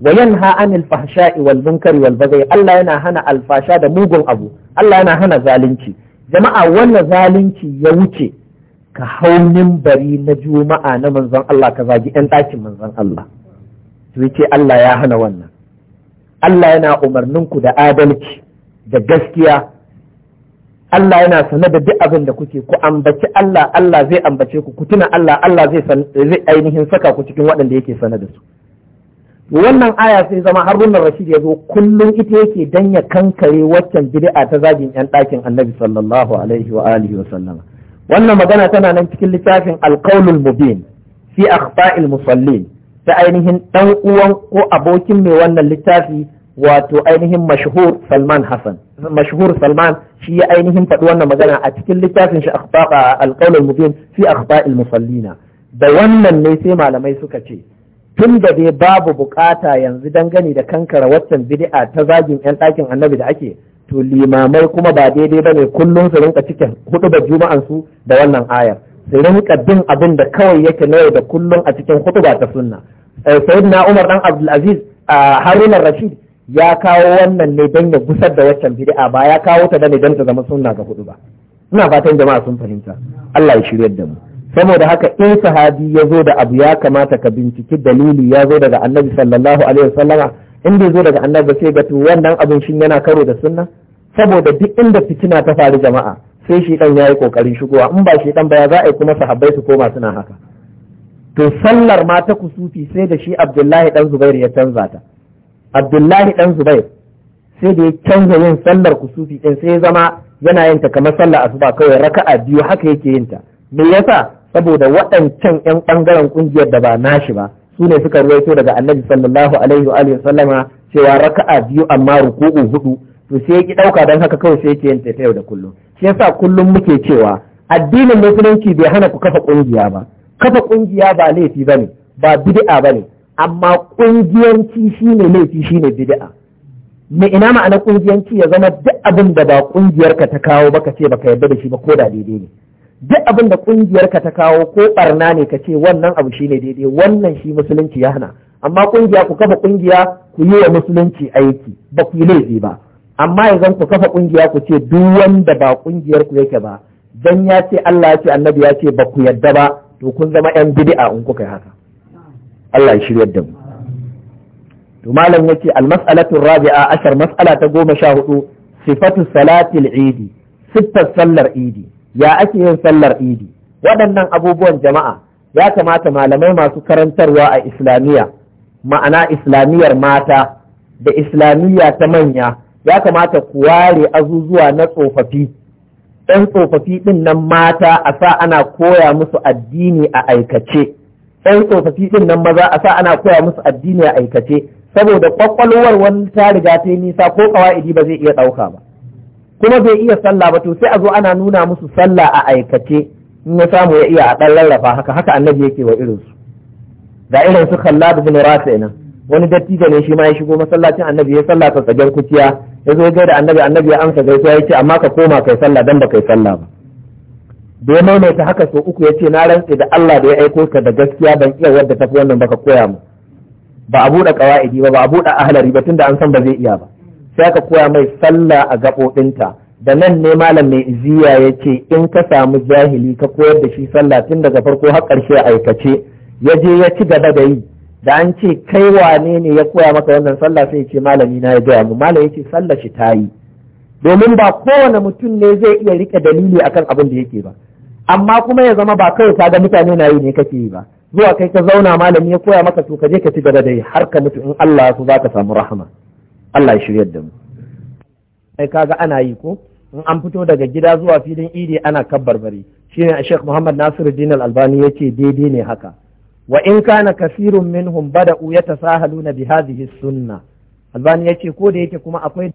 wa yanha anil fahsha'i wal munkari wal baghi Allah yana hana alfasha da mugun abu Allah yana hana zalunci jama'a wannan zalunci ya wuce ka hau bari na juma'a na manzon Allah ka zagi yan ɗakin manzon Allah sai ce Allah ya hana wannan Allah yana umarninku da adalci da gaskiya Allah yana sane da duk abin da kuke ku ambaci Allah Allah zai ambace ku ku tuna Allah Allah zai ainihin saka ku cikin waɗanda yake sane da su wannan aya sai zama harunan rashid ya zo kullum ita yake danya kankare waccan bid'a ta zagin yan ɗakin annabi sallallahu alaihi wa alihi wa sallama wannan magana tana nan cikin littafin alqaulul mubin fi akhfa'il musallin ta ainihin dan uwan ko abokin mai wannan littafi wato ainihin mashhur Salman Hassan mashhur Salman shi ya ainihin faɗi wannan magana a cikin littafin shi akhfa'a alqaulul mubin fi akhfa'il musallina da wannan ne sai malamai suka ce tun da dai babu bukata yanzu dangane da kankara waccan bidi'a ta zagin yan ɗakin annabi da ake to limamai kuma ba daidai ba ne kullum su rinka cikin hudu da juma'an su da wannan ayar su rinka bin abin da kawai yake na yau da kullum a cikin hudu ba ta sunna eh, na umar dan abdulaziz a haruna rashid ya kawo wannan ne don ya gusar da waccan bidi'a ba ya kawo ta da ne don ta zama sunna ga hudu ba ina fatan jama'a sun fahimta Allah ya shiryar da mu saboda haka in sahabi ya zo da abu ya kamata ka binciki dalili ya zo daga annabi sallallahu alaihi wasallama in bai zo daga annabi sai ga to wannan abin shin yana karo da sunna saboda duk inda fitina ta faru jama'a sai shi dan yayi kokarin shigowa in ba shi dan ba za a yi kuma sahabbai su koma suna haka to sallar ma ta kusufi sai da shi Abdullahi dan Zubair ya canza ta Abdullahi dan Zubair sai da ya canza yin sallar kusufi din sai ya zama yana yin ta kamar sallar asuba kawai raka'a biyu haka yake yin ta me yasa saboda waɗancan 'yan ɓangaren ƙungiyar da ba nashi ba su ne suka ruwaito daga annabi sallallahu alaihi wa sallama cewa raka'a biyu amma ruku'u hudu to sai ki ɗauka don haka kawai sai yake yin ta yau da kullum shi yasa kullum muke cewa addinin musulunci bai hana ku kafa ƙungiya ba kafa ƙungiya ba laifi bane ba bid'a bane amma ƙungiyanci shine laifi shine bid'a me ina ma'anar ƙungiyanci ya zama duk abin da ba ƙungiyarka ta kawo baka ce baka yarda da shi ba ko da daidai ne duk abin da ƙungiyarka ta kawo ko ɓarna ne ka ce wannan abu shine daidai wannan shi musulunci ya hana amma ƙungiya ku kafa kungiya ku yi wa musulunci aiki ba ku yi laifi ba amma yanzu ku kafa ƙungiya ku ce duk wanda ba ƙungiyarku ku yake ba dan ya ce Allah ya ce annabi ya ce ba ku yadda ba to kun zama yan bid'a in kuka yi haka Allah ya shiryar da mu to malam yace al mas'alatu rabi'a ashar mas'ala ta goma sha hudu sifatu salatil idi siffar sallar idi ya ake yin sallar idi waɗannan abubuwan jama'a ya kamata malamai masu karantarwa a islamiyya ma'ana islamiyyar mata da islamiyya ta manya ya kamata ku ware azuzuwa na tsofaffi ɗan tsofaffi ɗin nan mata a sa ana koya musu addini a aikace ɗan tsofaffi ɗin nan maza a sa ana koya musu addini a aikace saboda kwakwalwar wani ta riga ta yi nisa ko idi ba zai iya ɗauka ba kuma bai iya sallah ba to sai a zo ana nuna musu sallah a aikace in ya samu ya iya a ɗan rarrafa haka haka annabi yake wa irin su da irin su khallad bin rafi wani dattijo ne shi ma ya shigo masallacin annabi ya sallah ta tsagen kuciya ya zo gaida annabi annabi ya amsa gaisuwa ya amma ka koma kai sallah dan ba kai sallah ba da ya maimaita haka so uku ya ce na rantse da Allah da ya aiko ka da gaskiya ban iya wadda tafi wannan baka koya mu ba a buɗe ƙawa'idi ba ba a buɗe ahlari ba tunda an san ba zai iya ba sai ka koya mai sallah a gaɓoɗinta da nan ne malam mai iziya ya ce in ka samu jahili ka koyar da shi sallah tun daga farko har ƙarshe a aikace ya je ya ci gaba da yi da an ce kai wane ne ya koya maka wannan sallah sai ya ce malami na ya gaya mu malam ya ce sallah shi ta yi domin ba kowane mutum ne zai iya rike dalili akan abin da yake ba amma kuma ya zama ba kawai ka ga mutane na yi ne kake yi ba zuwa kai ka zauna malami ya koya maka to ka je ka ci gaba da yi har ka mutu in Allah ya so za ka samu rahama Allah ya shirya da mu sai kaga ana yi ko in an fito daga gida zuwa filin idi ana kabbar bari shine Sheikh Muhammad Nasiruddin Al-Albani ce daidai ne haka wa in kana kasirun minhum bada'u yatasahaluna bi hadhihi sunna Albani ya ce ko da yake kuma akwai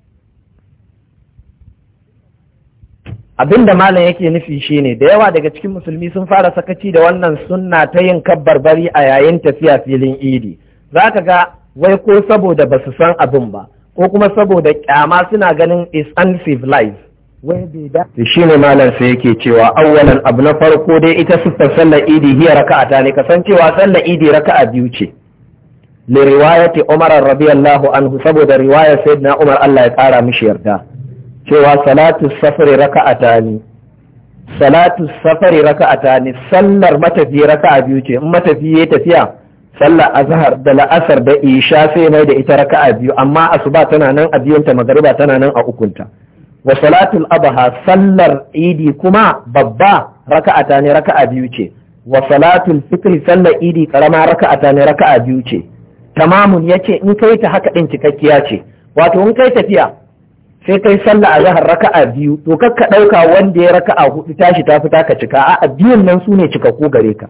abinda malam yake nufi ne da yawa daga cikin musulmi sun fara sakaci da wannan sunna ta yin kabbar bari a yayin tafiya filin idi Za ka ga wai ko saboda ba su san abin ba ko kuma saboda kyama suna ganin is unsafe life wai bai da shi ne malam yake cewa awwalan abu na farko dai ita siffar sallar idi hiya ta ne kasancewa sallar idi raka'a biyu ce li riwayati umar radiyallahu anhu saboda riwayar sayyidina umar Allah ya kara mishi yarda cewa salatu safari raka'ata ne salatu safari ne sallar matafi raka'a biyu ce in matafi ya tafiya sallar azhar da la'asar da isha sai mai da ita raka'a biyu amma asuba tana nan a biyunta magariba tana nan a ukunta wa salatul adha sallar idi kuma babba raka'ata ne raka'a biyu ce wa salatul fitr sallar idi karama raka'ata ne raka'a biyu ce tamamun yace in kai ta haka din cikakkiya ce wato in kai tafiya sai kai sallah azhar raka'a biyu to kakka dauka wanda ya raka'a hudu tashi ta fita ka cika a'a biyun nan sune cikakku gare ka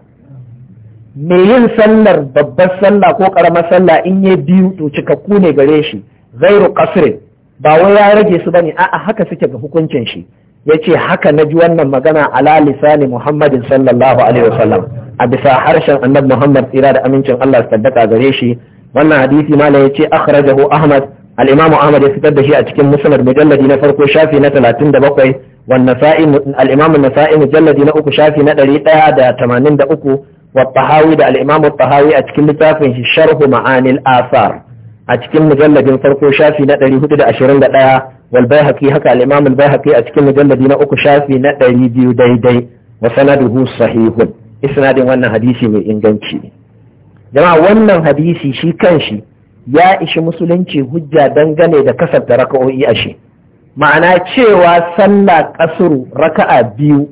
me yin sallar babbar sallah ko karamar sallah in ya biyu to cikakku ne gare shi zairu kasre ba wai ya rage su bane a'a haka suke ga hukuncin shi yace haka na ji wannan magana ala lisani muhammadin sallallahu alaihi wasallam a bisa harshen annabi muhammad tsira da amincin Allah su tabbata gare shi wannan hadisi ya ce akhrajahu ahmad al-imamu ahmad ya fitar da shi a cikin musnad mujalladi na farko shafi na 37 والنسائي الإمام النسائي مجلد نأكو شافي ندري تادا تمانين دأكو wa da al-imam a cikin littafin shi ma'anin ma'anil asar a cikin mujalladin farko shafi na 421 wal baihaqi haka al-imam al a cikin mujalladi na uku shafi na 200 daidai wa sanaduhu sahihun isnadin wannan hadisi mai inganci jama'a wannan hadisi shi kanshi ya ishi musulunci hujja dangane da da raka'o'i ashe ma'ana cewa sallah kasuru raka'a biyu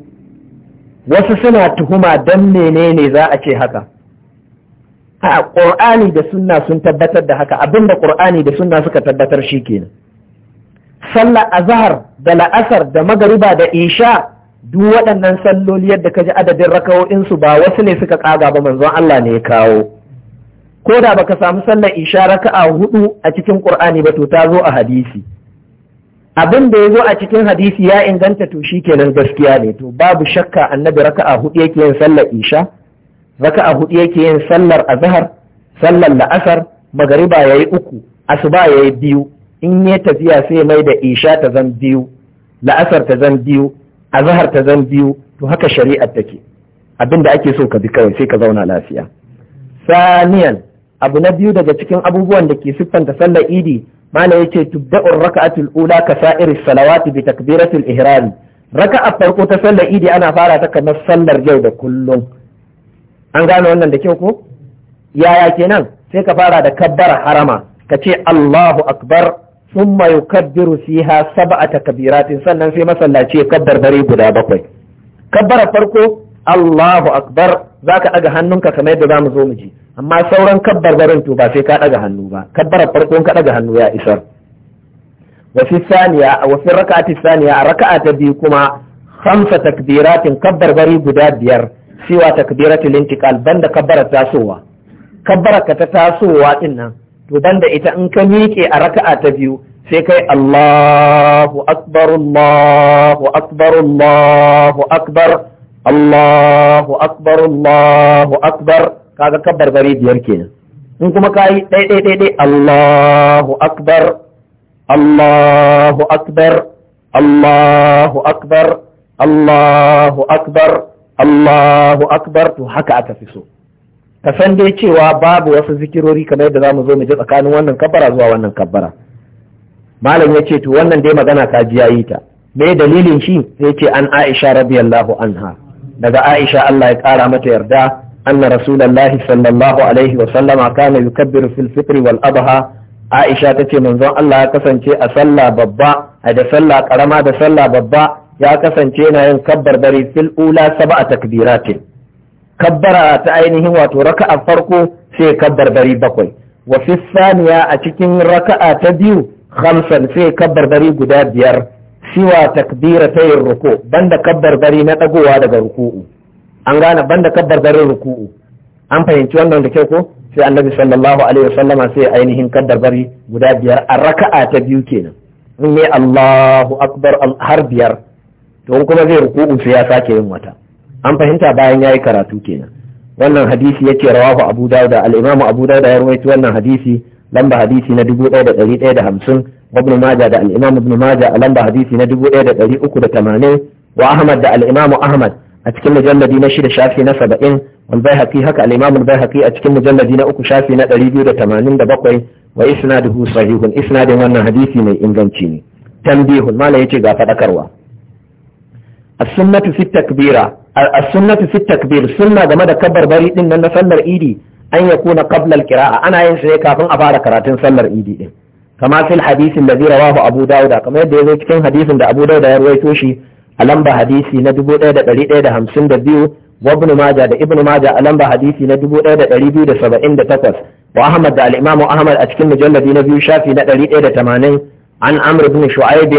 wasu suna tuhuma don menene za a ce haka a ƙur'ani da sunna sun tabbatar da haka abinda ƙur'ani da sunna suka tabbatar shi kenan sallar azhar da la'asar da magariba da isha duk waɗannan salloli yadda ka ji adadin su ba wasu ne suka ƙaga ba manzon Allah ne ya kawo ko da baka samu sallar isha raka'a hudu a cikin ƙur'ani ba to ta zo a hadisi abin da ya zo a cikin hadisi ya inganta to shi kenan gaskiya ne to babu shakka annabi raka raka'a hudu yake yin sallar isha raka raka'a hudu yake yin sallar azhar sallar la'asar magariba ya yi uku asuba ya yi biyu in ya tafiya sai mai da isha ta zan biyu la'asar ta zan biyu azhar ta zan biyu to haka shari'ar take abin da ake so ka bi kawai sai ka zauna lafiya saniyan abu na biyu daga cikin abubuwan da ke siffanta sallar idi ya ce, tubda'ur raka'atul ula ka sa'iri salawati bi takbiratul ihram raka'a farko ta sallar idi ana fara ta kamar sallar yau da kullum an gane wannan da kyau ko yaya kenan sai ka fara da kabbar harama ka ce Allahu akbar thumma yukabbiru fiha sab'ata kabiratin sannan sai masallaci ya kabbar bari guda bakwai kabbara farko Allahu akbar zaka ɗaga hannunka kamar yadda mu zo mu ji amma sauran kabbarbarin to ba sai ka ɗaga hannu ba kabbarar farko ka ɗaga hannu ya isar Wasu saniya a wasu rak'ati saniya a raka'a ta biyu kuma hamsa takbiratin kabbarbari guda biyar siwa takbiratul intiqal banda kabbarar tasowa kabbarar ka ta tasowa din nan to banda ita in ka miƙe a raka'a ta biyu sai kai Allahu akbar Allahu akbar Allahu akbar Allahu akbar Allahu akbar kaga kabar bari biyar kenan in kuma ka yi ɗai ɗai ɗai ɗai Allahu akbar Allahu akbar Allahu akbar Allahu akbar Allahu akbar to haka aka fi so ka san dai cewa babu wasu zikirori kamar yadda zamu zo mu ji tsakanin wannan kabbara zuwa wannan kabbara malam ya ce to wannan dai magana ka ji yi ta me dalilin shi sai ce an Aisha radiyallahu anha daga Aisha Allah ya kara mata yarda anna rasulullahi sallallahu alaihi wa sallama kana yukabbiru fil fitri wal adha Aisha tace manzon Allah ya kasance a sallah babba a da sallah karama da sallah babba ya kasance yana yin kabbar bari fil ula sab'a takbiratin kabbara ta ainihin wato raka'a farko sai kabbar bari bakwai wa fi a cikin raka'a ta biyu khamsan sai kabbar bari guda biyar shi wa takbira ta yin ruku banda kabbar bari na dagowa daga ruku'u an gane banda kabbar barin ruku'u an fahimci wannan da kyau ko sai annabi sallallahu alaihi wasallama sai ainihin kabbar bari guda biyar a raka'a ta biyu kenan in ne Allahu akbar har biyar to kuma zai ruku'u sai ya sake yin wata an fahimta bayan yayi karatu kenan wannan hadisi yake rawahu abu Dawud al-imamu abu Dawud ya rawaito wannan hadisi lamba hadisi na 1150 ibn Majah da al-Imam ibn Majah a lamba hadisi na 1380 wa Ahmad da al-Imam Ahmad a cikin mujalladi na shida shafi na saba'in wal baihaqi haka al-imam al-baihaqi a cikin mujalladi na uku shafi na ɗari biyu da tamanin da bakwai wa isnaduhu sahihun isnadin wannan hadisi mai inganci ne tambihun ya ce ga faɗakarwa. as-sunnatu fi takbira as-sunnatu fi takbir sunna game da kabbar bari din na sallar idi an yakuna qabla al ana yin sai kafin a fara karatun sallar idi kama hadisin da rawahu abu dauda kamar yadda ya zo cikin hadisin da abu dauda ya rawaito shi a lamba hadisi na 1152 wa ibn majah da ibn majah a lamba hadisi na 1278 wa ahmad da al-imamu ahmad a cikin mujalladi na biyu shafi na 180 an amr ibn shu'aib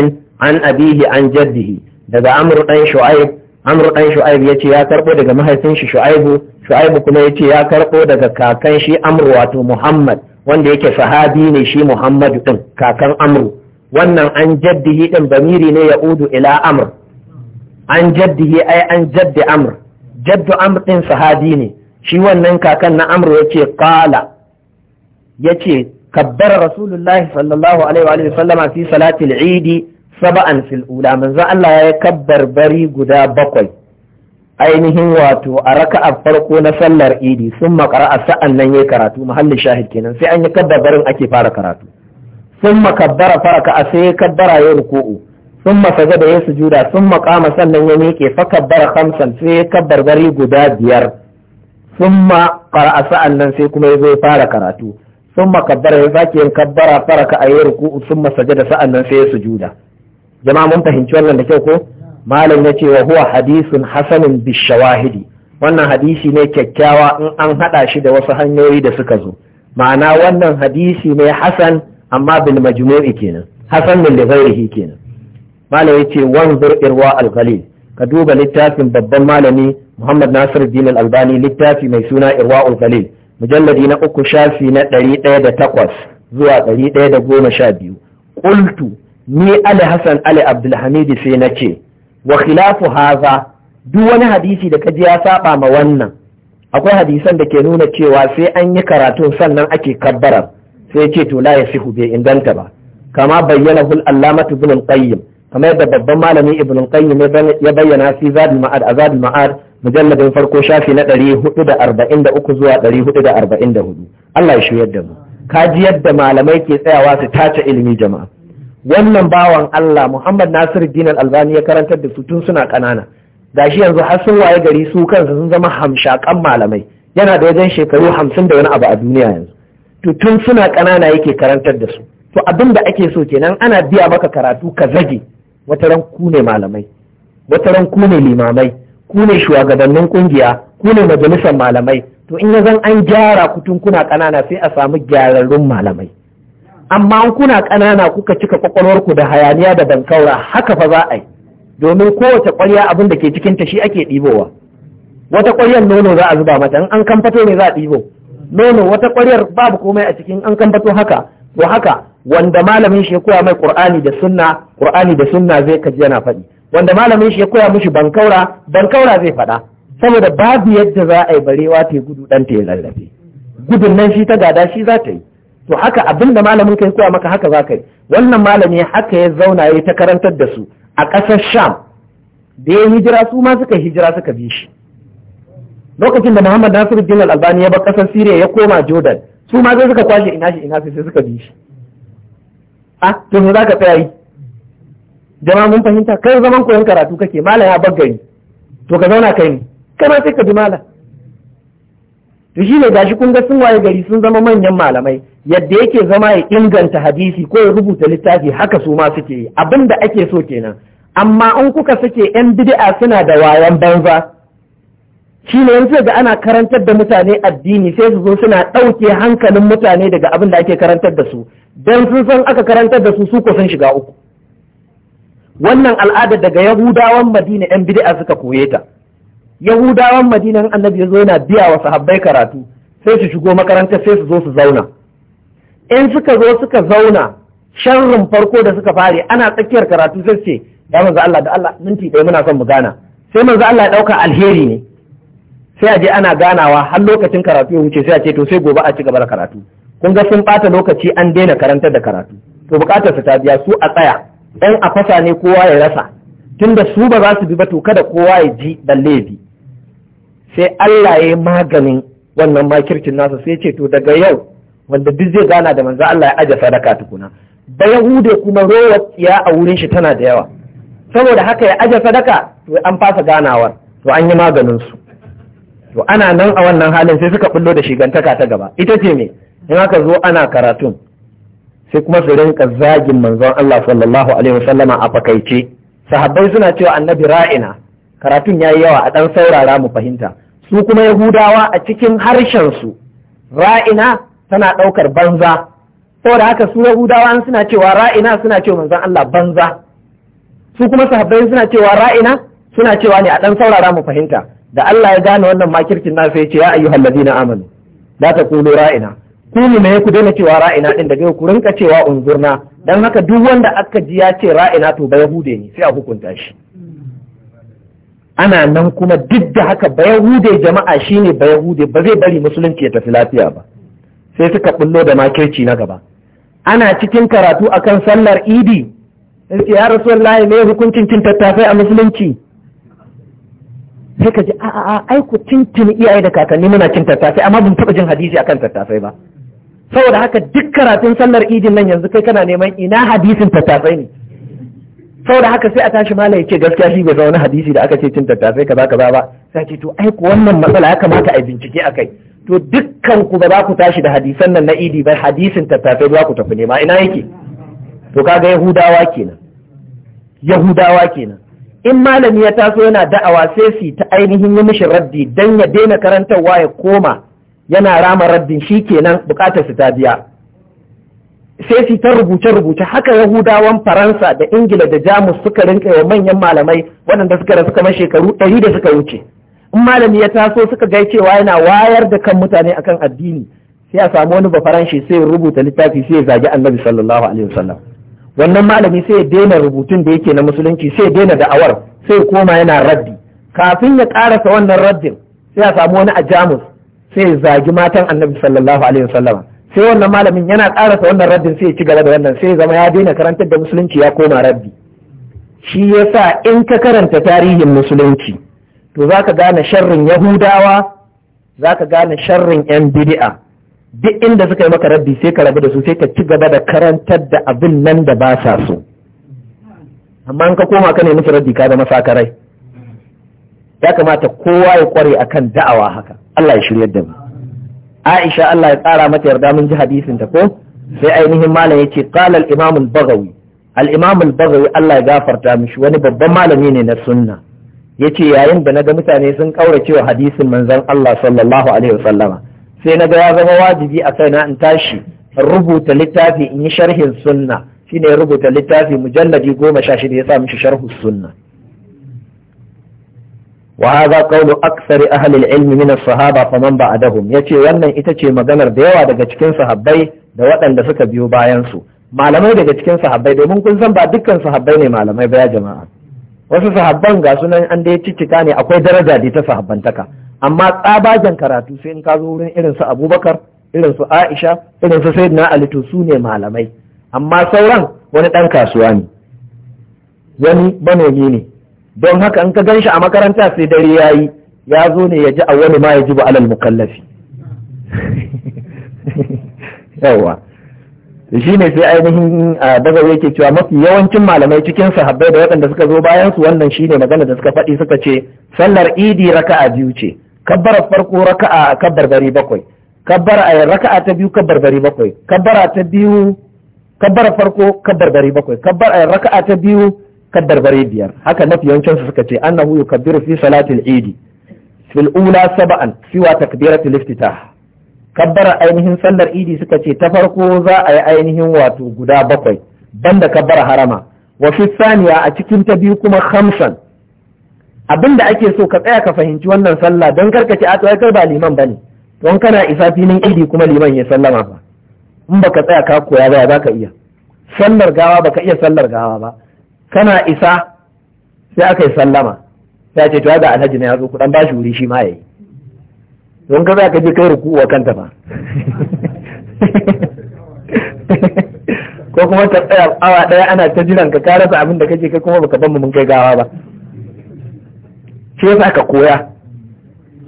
an abihi an jaddihi daga amr dan shu'aib amr dan shu'aib yace ya karbo daga mahaifin shi shu'aibu shu'aibu kuma ya ce ya karɓo daga kakan shi amr wato muhammad wanda yake sahabi ne shi Muhammadu din kakan amru wannan an jaddihi din bamiri ne ya udu ila amr an jaddihi ai an jaddi amr jaddu amr din sahabi ne shi wannan kakan na amru yace qala yace kabbara rasulullahi sallallahu alaihi wa sallama fi salati al-eid sab'an fil ula manzo Allah ya kabbar bari guda bakwai ainihin wato a raka'a farko na sallar idi sun makara sa'an nan yi karatu mahallin shahid kenan sai an yi kabbabarin ake fara karatu sun makabbara faraka a sai ya kabbara ya ruku'u sun masaga da ya sujuda sun makama sannan ya miƙe fa kabbara hamsan sai ya kabbarbari guda biyar sun ma a sa'an nan sai kuma ya zo ya fara karatu sun makabbara ya sake yin kabbara faraka a yi ruku'u sun masaga da sa'an nan sai ya sujuda jama'a mun fahimci wannan da kyau ko malam yace wa huwa hadisun hasanun bishawahidi wannan hadisi ne kyakkyawa in an hada shi da wasu hanyoyi da suka zo ma'ana wannan hadisi ne hasan amma bil majmu'i kenan hasan min li ghairihi kenan malam yace wanzur irwa al ghalil ka duba littafin babban malami Muhammad Nasir Din al Albani littafi mai suna irwa al ghalil mujalladi na uku shafi na ɗari ɗaya da takwas zuwa ɗari ɗaya da goma sha biyu ƙultu ni Ali Hassan Ali Abdulhamidi sai na ce wa khilafu haza duk wani hadisi da kaji ya saba ma wannan akwai hadisan da ke nuna cewa sai an yi karatun sannan ake kabbarar sai ce to la yasihu bai inganta ba kama bayyana hul allamatu ibn qayyim kamar yadda babban malamin ibn qayyim ya bayyana fi zadul ma'ad azadul ma'ad mujalladin farko shafi na 443 zuwa 444 Allah ya shiryar da mu kaji yadda malamai ke tsayawa su tace ilimi jama'a wannan bawan Allah Muhammad Nasiru Din Albani ya karantar da su tun suna ƙanana shi yanzu har sun waye gari su kansu sun zama hamshakan malamai yana da wajen shekaru hamsin da wani abu a duniya yanzu to tun suna ƙanana yake karantar da su to abin da ake so kenan ana biya maka karatu ka zage ran ku ne malamai ran ku ne limamai ku ne shugabannin kungiya ku ne majalisar malamai to in ya zan an gyara kutun kuna ƙanana sai a samu gyararrun malamai amma an kuna ƙanana kuka cika ƙwaƙwalwarku da hayaniya da bankaura haka fa za a yi domin kowace ƙwarya abin da ke cikin ta shi ake ɗibowa wata ƙwaryar nono za a zuba mata in an kamfato ne za a ɗibo nono wata ƙwaryar babu komai a cikin an kamfato haka to haka wanda malamin shi ya koya mai qur'ani da sunna qur'ani da sunna zai kaji yana faɗi wanda malamin shi ya koya mishi bankaura bankaura zai faɗa saboda babu yadda za a yi barewa ta gudu ta ya lallabe gudun nan shi ta gada shi za ta yi to haka abinda malamin ka ya koya maka haka zaka yi wannan malami haka ya zauna ya ta karantar da su a ƙasar sham da ya hijira su ma suka hijira suka bi shi lokacin da muhammad nasiruddin al-albani ya bar ƙasar Syria ya koma jordan su ma sai suka kwashe ina shi ina sai suka bi shi a to me zaka tsaya yi jama'a mun fahimta kai zaman koyon karatu kake malam ya bar gari to ka zauna kai ne Kana sai ka bi malam to shine gashi kun ga sun waye gari sun zama manyan malamai yadda yake zama ya inganta hadisi ko ya rubuta littafi haka su ma suke yi abin da ake so kenan amma in kuka sake yan bid'a suna da wayan banza shine yanzu da ana karantar da mutane addini sai su zo suna ɗauke hankalin mutane daga abin da ake karantar da su dan sun san aka karantar da su su ko sun shiga uku wannan al'ada daga yahudawan madina yan bid'a suka koyeta. yahudawan madinan annabi ya zo yana biya wa sahabbai karatu sai su shigo makaranta sai su zo su zauna in suka zo suka zauna sharrin farko da suka fare ana tsakiyar karatu sai ce ya manzo Allah da Allah minti ɗaya muna son mu gana sai manzo Allah ya ɗauka alheri ne sai a je ana ganawa har lokacin karatu ya wuce sai a ce to sai gobe a ci gaba da karatu kun ga sun ɓata lokaci an daina karantar da karatu to bukatar su ta biya su a tsaya ɗan a fasa ne kowa ya rasa tunda su ba za su bi ba to kada kowa ya ji da laifi sai Allah ya yi maganin wannan makircin nasa sai ce to daga yau wanda duk zai gana da manzo Allah ya aje sadaka tukuna da yahude kuma rowa ya a wurin shi tana da yawa saboda haka ya aje sadaka to an fasa ganawar to an yi maganin su to ana nan a wannan halin sai suka bullo da shigantaka ta gaba ita ce me in aka zo ana karatun sai kuma su rinka zagin manzon Allah sallallahu alaihi wasallama a fakaice sahabbai suna cewa annabi ra'ina karatun ya yi yawa a ɗan saurara mu fahimta su kuma yahudawa a cikin harshen su ra'ina tana ɗaukar banza saboda haka su yahudawa suna cewa ra'ina suna cewa manzon Allah banza su kuma sahabbai suna cewa ra'ina suna cewa ne a ɗan saurara mu fahimta da Allah ya gane wannan makircin na ya ce ya na ladina amanu la taqulu ra'ina ku ne ku daina cewa ra'ina din daga ku rinka cewa unzurna dan haka duk wanda aka ji ya ce ra'ina to ba yahude ne sai a hukunta shi ana nan kuma duk da haka bayahude jama'a shine bayahude ba zai bari musulunci ya tafi lafiya ba sai suka bullo da makirci na gaba ana cikin karatu akan sallar idi sai ya rasulullahi ne hukuncin cin tattafai a musulunci sai ka ji a a ai ku iyaye da kakanni muna cin tattafai amma ban taba jin hadisi akan tattafai ba saboda haka duk karatun sallar idin nan yanzu kai kana neman ina hadisin tattafai ne saboda haka sai a tashi mala ya ce gaskiya shi bai zauna hadisi da aka ce cin tattasai kaza kaza ba sai ce to ai wannan matsala ya kamata a bincike a kai to dukkan ku ba za ku tashi da hadisan nan na idi ba hadisin tattasai ba ku tafi nema ina yake to kaga yahudawa kenan yahudawa kenan in malami ya taso yana da'awa sai su ta ainihin yi mishi raddi dan ya daina karantarwa ya koma yana rama raddin shi kenan bukatar su ta biya sai su ta rubuce-rubuce haka yahudawan faransa da ingila da jamus suka rinka wa manyan malamai waɗanda suka rasu kamar shekaru ɗari da suka wuce in malami ya taso suka gai cewa yana wayar da kan mutane akan addini sai a samu wani bafaranshi sai ya rubuta littafi sai ya zagi annabi sallallahu alaihi wasallam wannan malami sai ya daina rubutun da yake na musulunci sai ya daina da'awar sai ya koma yana raddi kafin ya karasa wannan raddin sai a samu wani a jamus sai ya zagi matan annabi sallallahu alaihi wasallam sai wannan malamin yana karasa wannan raddin sai ya ci gaba da wannan sai ya zama ya daina karantar da musulunci ya koma raddi shi yasa in ka karanta tarihin musulunci to zaka gane sharrin yahudawa zaka gane sharrin yan bid'a duk inda suka yi maka raddi sai ka rabu da su sai ka ci gaba da karantar da abin nan da ba sa so amma in ka koma ka ne musu raddi ka zama sakarai ya kamata kowa ya kware akan da'awa haka Allah ya shiryar da mu Aisha Allah ya tsara mata yarda mun ji hadisin ta ko sai ainihin malam ya qala al imam al bagawi al imam al bagawi Allah ya gafarta mishi wani babban malami ne na sunna yace yayin da naga mutane sun kaurace wa hadisin manzon Allah sallallahu alaihi wasallama sai naga ya zama wajibi a kaina in tashi rubuta littafi in yi sharhin sunna shine rubuta littafi mujalladi goma sha shida ya sa mishi sharhu sunna وهذا قول sahaba fa العلم من الصحابة فمن بعدهم يتي وانا إتتي مغنر ديوا دقا چكين sahabbai da waɗanda suka biyo bayansu. malamai daga cikin sahabbai domin kun san ba dukkan sahabbai ne malamai ba ya jama'a wasu sahabban ga sunan an da ya ne akwai daraja da ta sahabbantaka amma tsabagen karatu sai in ka zo wurin irin su abubakar irin su aisha irin su sayyidina ali to su ne malamai amma sauran wani dan kasuwa ne wani manomi ne don haka in ka ganshi a makaranta sai dare ya yi, ya zo ne ya ji a wani ma ya ji ba alal mukallafi (laughs) yawa shi ne sai ainihin daga yake cewa mafi yawancin malamai cikin sahabbai da waɗanda suka zo bayan su wannan ne magana da suka faɗi suka ce sallar idi raka'a biyu ce kabbara farko raka'a kabbar gari bakwai kabbara a eh, raka'a ta biyu kabbar gari bakwai kabbara ta biyu kabbar farko kabbar gari bakwai kabbar a eh, raka'a ta biyu bare biyar haka mafi yawancin suka ce annahu yukabbiru fi salatil idi fil ula sab'an siwa takbiratul iftitah kabbara ainihin sallar idi suka ce ta farko za a yi ainihin wato guda bakwai banda kabbara harama wa fi saniya a cikin ta biyu kuma khamsan abinda ake so ka tsaya ka fahimci wannan sallah don karka ce a tsaya kai ba liman bane don kana isa filin idi kuma liman ya sallama ba in baka tsaya ka koya ba za ka iya sallar gawa baka iya sallar gawa ba kana isa sai aka yi sallama sai ce to ga alhaji na ya zo kudan bashi wuri shi ma yi don ka za ka je kai ruku wa kanta ba (laughs) ko kuma ka tsaya awa daya ana ta jiran ka ka rasa abin da kake kai kuma baka ban mun kai gawa ba shi yasa ka koya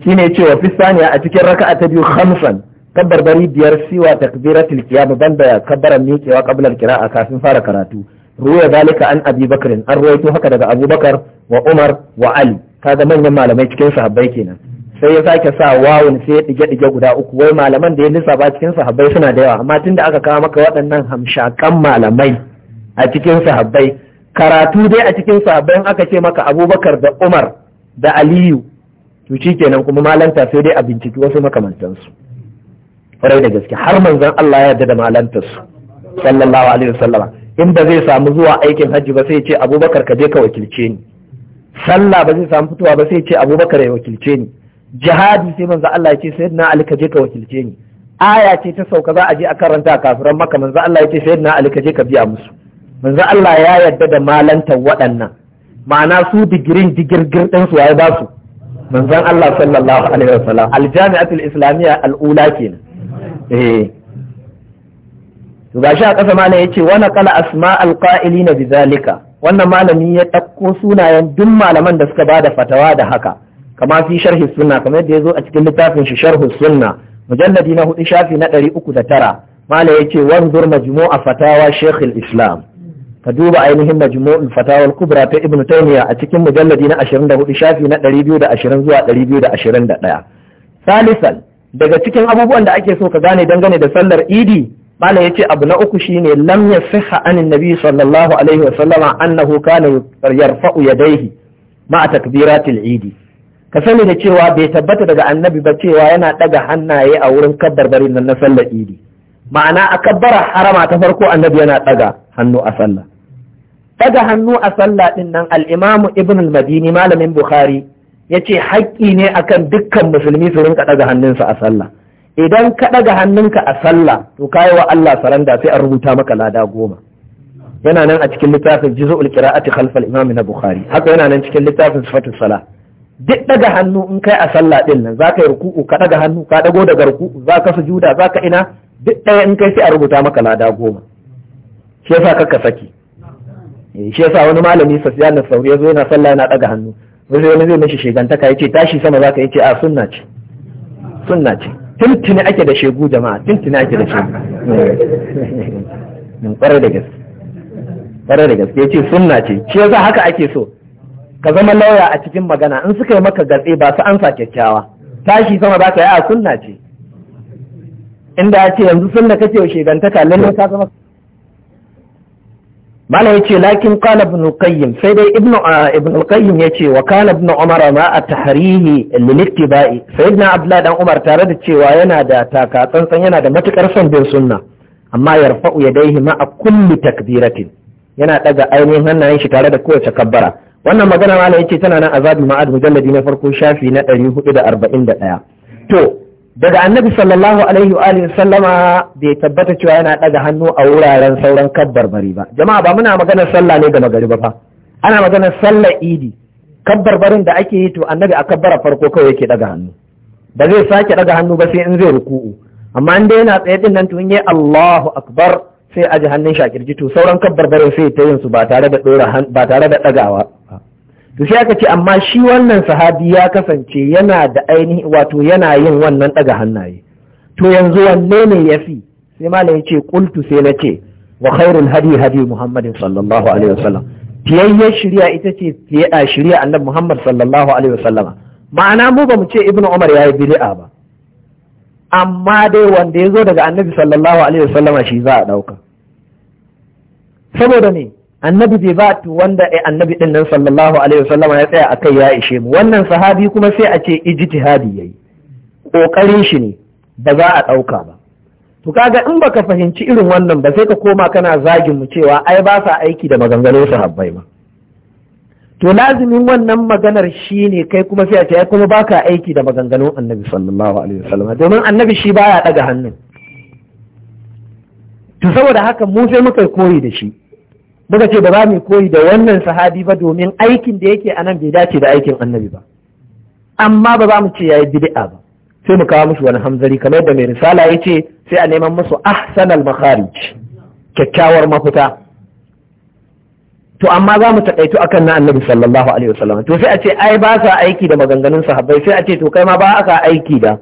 shine cewa fisaniya a cikin raka'a ta biyu khamsan bari biyar siwa takbiratul qiyam banda kabbara miƙewa qabla al-qira'a kafin fara karatu ruwa zalika an abi bakrin an ruwaito haka daga abubakar wa umar wa ali kaga manyan malamai cikin sahabbai kenan sai ya sake sa wawun sai ya ɗige ɗige guda uku wai malaman da ya lissafa cikin sahabbai suna da yawa amma da aka kawo maka waɗannan hamshakan malamai a cikin sahabbai karatu dai a cikin sahabbai aka ce maka abubakar da umar da aliyu to kenan kuma malanta sai dai a binciki wasu makamantansu kwarai da gaske har manzon Allah ya yarda da malantarsu sallallahu alaihi wasallam in ba zai samu zuwa aikin hajji ba sai ce abubakar ka je ka wakilce ni sallah ba zai samu fitowa ba sai ce abubakar ya wakilce ni jihadi sai manzo Allah ya ce na ali ka je ka wakilce ni aya ce ta sauka za a je a karanta a kafiran maka manzo Allah ya ce na ali ka je ka biya musu manzo Allah ya yarda da malantar waɗannan ma'ana su digirin digirgir ɗin su ya ba su manzon Allah sallallahu alaihi wasallam aljami'atul islamiyya al'ula kenan eh to shi a ƙasa malam yace wa naqala asma alqa'ilina bizalika wannan malami ya ɗauko sunayen duk malaman da suka bada fatawa da haka kama fi sharhi sunna kamar yadda ya zo a cikin littafin shi sharhu sunna mujalladi na hudu shafi na ɗari uku da tara malam majmu'a fatawa shekul islam ka duba ainihin majmu'ul fatawal kubra ta ibnu taymiya a cikin mujalladi na 24 shafi na 220 zuwa 221 salisan daga cikin abubuwan da ake so ka gane dangane da sallar idi ya ce abu na uku shine lam yasiha anin nabi sallallahu alaihi wasallama annahu kana yarfa'u yadayhi ma'a takbiratil idi ka sani da cewa bai tabbata daga annabi ba cewa yana ɗaga hannaye a wurin kabbarbarin nan na sallar idi ma'ana a harama ta farko annabi yana ɗaga hannu a sallah daga hannu a sallah din nan al-imamu ibn al-madini malamin bukhari yace haƙƙi ne akan dukkan musulmi su rinka hannun hannunsa a sallah idan ka ɗaga hannunka a sallah to kayi wa Allah saranda sai a rubuta maka lada goma yana nan a cikin littafin juz'ul qira'ati khalf al-imam na bukhari haka yana nan cikin littafin sifatus sala duk ɗaga hannu in kai a sallah din nan zaka yi ruku'u ka ɗaga hannu ka ɗago daga ruku'u zaka sujuda zaka ina duk ɗaya in kai sai a rubuta maka lada goma shi yasa kakka saki eh, shi yasa wani malami na sauri, ya yazo yana sallah yana ɗaga hannu wani zai mishi ya ce, tashi sama zaka yace a ah, sunna ce sunna ce tuntuni ake da shegu jama'a tuntuni ake da shegu ƙwarar hmm. da gaske ƙwarar da gaske ce sunna ce shi yasa haka ake so ka zama lauya a cikin magana in suka yi maka gatse ba su ansa kyakkyawa tashi sama za ka yi a sunna ce inda ya ce yanzu sunna kake shegantaka lallai ka zama mala ce, lakin qala ibn qayyim sai dai ibn ibn qayyim ce wa kana ibn umar ma a tahrihi lil ittiba'i sayyidina abdullah dan umar tare da cewa yana da taka tsantsan yana da matukar son bin sunna amma yarfa'u yadayhi ma a kulli takbiratin yana ɗaga ainihin hannayen shi tare da kowace kabbara wannan magana mala ce tana nan a azabi ma'ad mujalladi na farko shafi na ɗari da da ɗaya. to daga annabi sallallahu alaihi wa sallama bai tabbata cewa yana daga hannu a wuraren sauran kabbar bari ba jama'a ba muna maganar sallah ne da magari ba ana maganar sallar idi kabbar barin da ake yi to annabi a kabbara farko kawai yake daga hannu ba zai sake ɗaga hannu ba sai in zai ruku'u amma in dai yana tsaye din nan to in yi Allahu akbar sai ji hannun shakirji to sauran kabbar barin sai ta yin su ba tare da ɗagawa. to sai aka ce amma shi wannan sahabi ya kasance yana da ainihi wato yana yin wannan daga hannaye to yanzu wanne ne ya fi sai malam ya ce kultu sai na ce wa khairul hadi hadi muhammadin sallallahu alaihi wasallam tiyayya shari'a ita ce fiye shari'a annabi muhammad sallallahu alaihi wasallama ma'ana mu ba mu ce ibnu umar yayi bid'a ba amma dai wanda ya zo daga annabi sallallahu alaihi wasallama shi za a ɗauka saboda ne annabi bai ba wanda eh, annabi din nan sallallahu alaihi wasallam ya tsaya akai ya ishe mu wannan sahabi kuma sai a ce ijtihadi yayi kokarin shi ne da za a ɗauka ba to kaga in baka fahimci irin wannan ba sai ka koma kana zagin mu cewa ai ba sa aiki da maganganun sahabbai ba to lazimin wannan maganar shi ne kai kuma sai a ce kuma baka aiki da maganganun annabi sallallahu alaihi wasallam domin annabi shi baya ɗaga hannun to saboda haka mu sai muka koyi da shi muka ce ba za mu koyi da wannan sahabi ba domin aikin da yake anan bai dace da aikin annabi ba amma ba za mu ce yayi bid'a ba sai mu kawo musu wani hamzari kamar yadda mai risala ya ce sai a neman musu ahsanal makharij kyakkyawar mafita to amma za mu taƙaito akan na annabi sallallahu alaihi wasallam to sai a ce ai ba sa aiki da maganganun sahabbai sai a ce to kai ma ba aka aiki da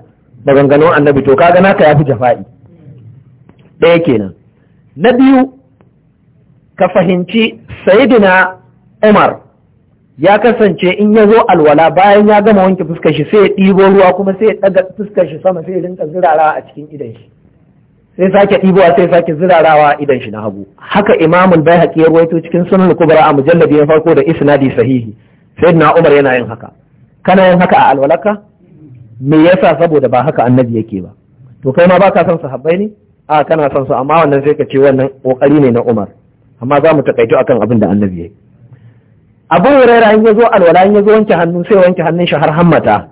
maganganun annabi to kaga naka yafi jafa'i ɗaya kenan na biyu ka fahimci Saidina umar ya kasance in ya zo alwala bayan ya gama wanke fuskar shi sai ya ɗibo ruwa kuma sai ya ɗaga fuskar shi sama sai ya rinka zirarawa a cikin idan shi sai sake ɗibowa sai sake zirarawa a idan shi na hagu haka imamul bai haƙi ya ruwaito cikin sunan kubra a mujallabi na farko da isnadi sahihi Saidina umar yana yin haka kana yin haka a alwalaka me yasa saboda ba haka annabi yake ba to kai ma baka son sahabbai ne a kana son su amma wannan sai ka ce wannan kokari ne na umar amma za mu takaito akan abin da annabi ya yi abu huraira in ya zo alwala an ya zo wanke hannu sai wanke hannun shi har hammata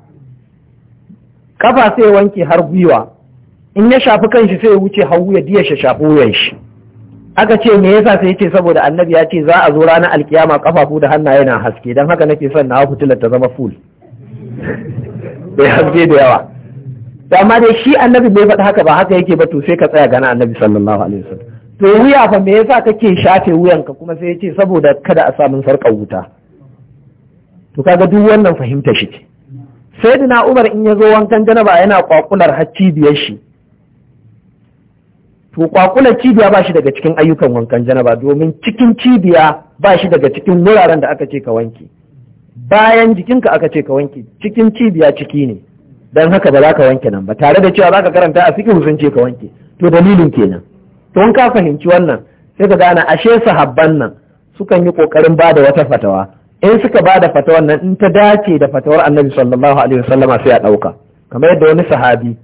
kafa sai wanke har gwiwa in ya shafi kanshi sai ya wuce hawu ya diya shafi wuyan shi aka ce me yasa sai yace saboda annabi ya ce za a zo ranar alkiyama kafafu da hannaye na haske dan haka nake son na fitilar ta zama full (laughs) bai haske da yawa amma dai shi annabi bai faɗi haka ba haka yake ba to sai ka tsaya gana annabi sallallahu alaihi wasallam to wuya fa me yasa kake shafe wuyanka kuma sai yace saboda kada a samun sarkar wuta to kaga duk wannan fahimta shi ce sayyidina Umar in ya zo wankan janaba yana kwakular har cibiyar shi to kwakular cibiya ba shi daga cikin ayyukan wankan janaba domin cikin cibiya ba shi daga cikin wuraren da aka ce ka wanke bayan jikinka aka ce ka wanke cikin cibiya ciki ne don haka ba za ka wanke nan ba tare da cewa za ka karanta a fiƙi sun ce ka wanke to dalilin kenan don ka fahimci wannan sai ka gane ashe sahabban nan sukan yi kokarin ba da wata fatawa in suka ba da fatawar nan in ta dace da fatawar annabi sallallahu alaihi wasallama sai a ɗauka kamar yadda wani sahabi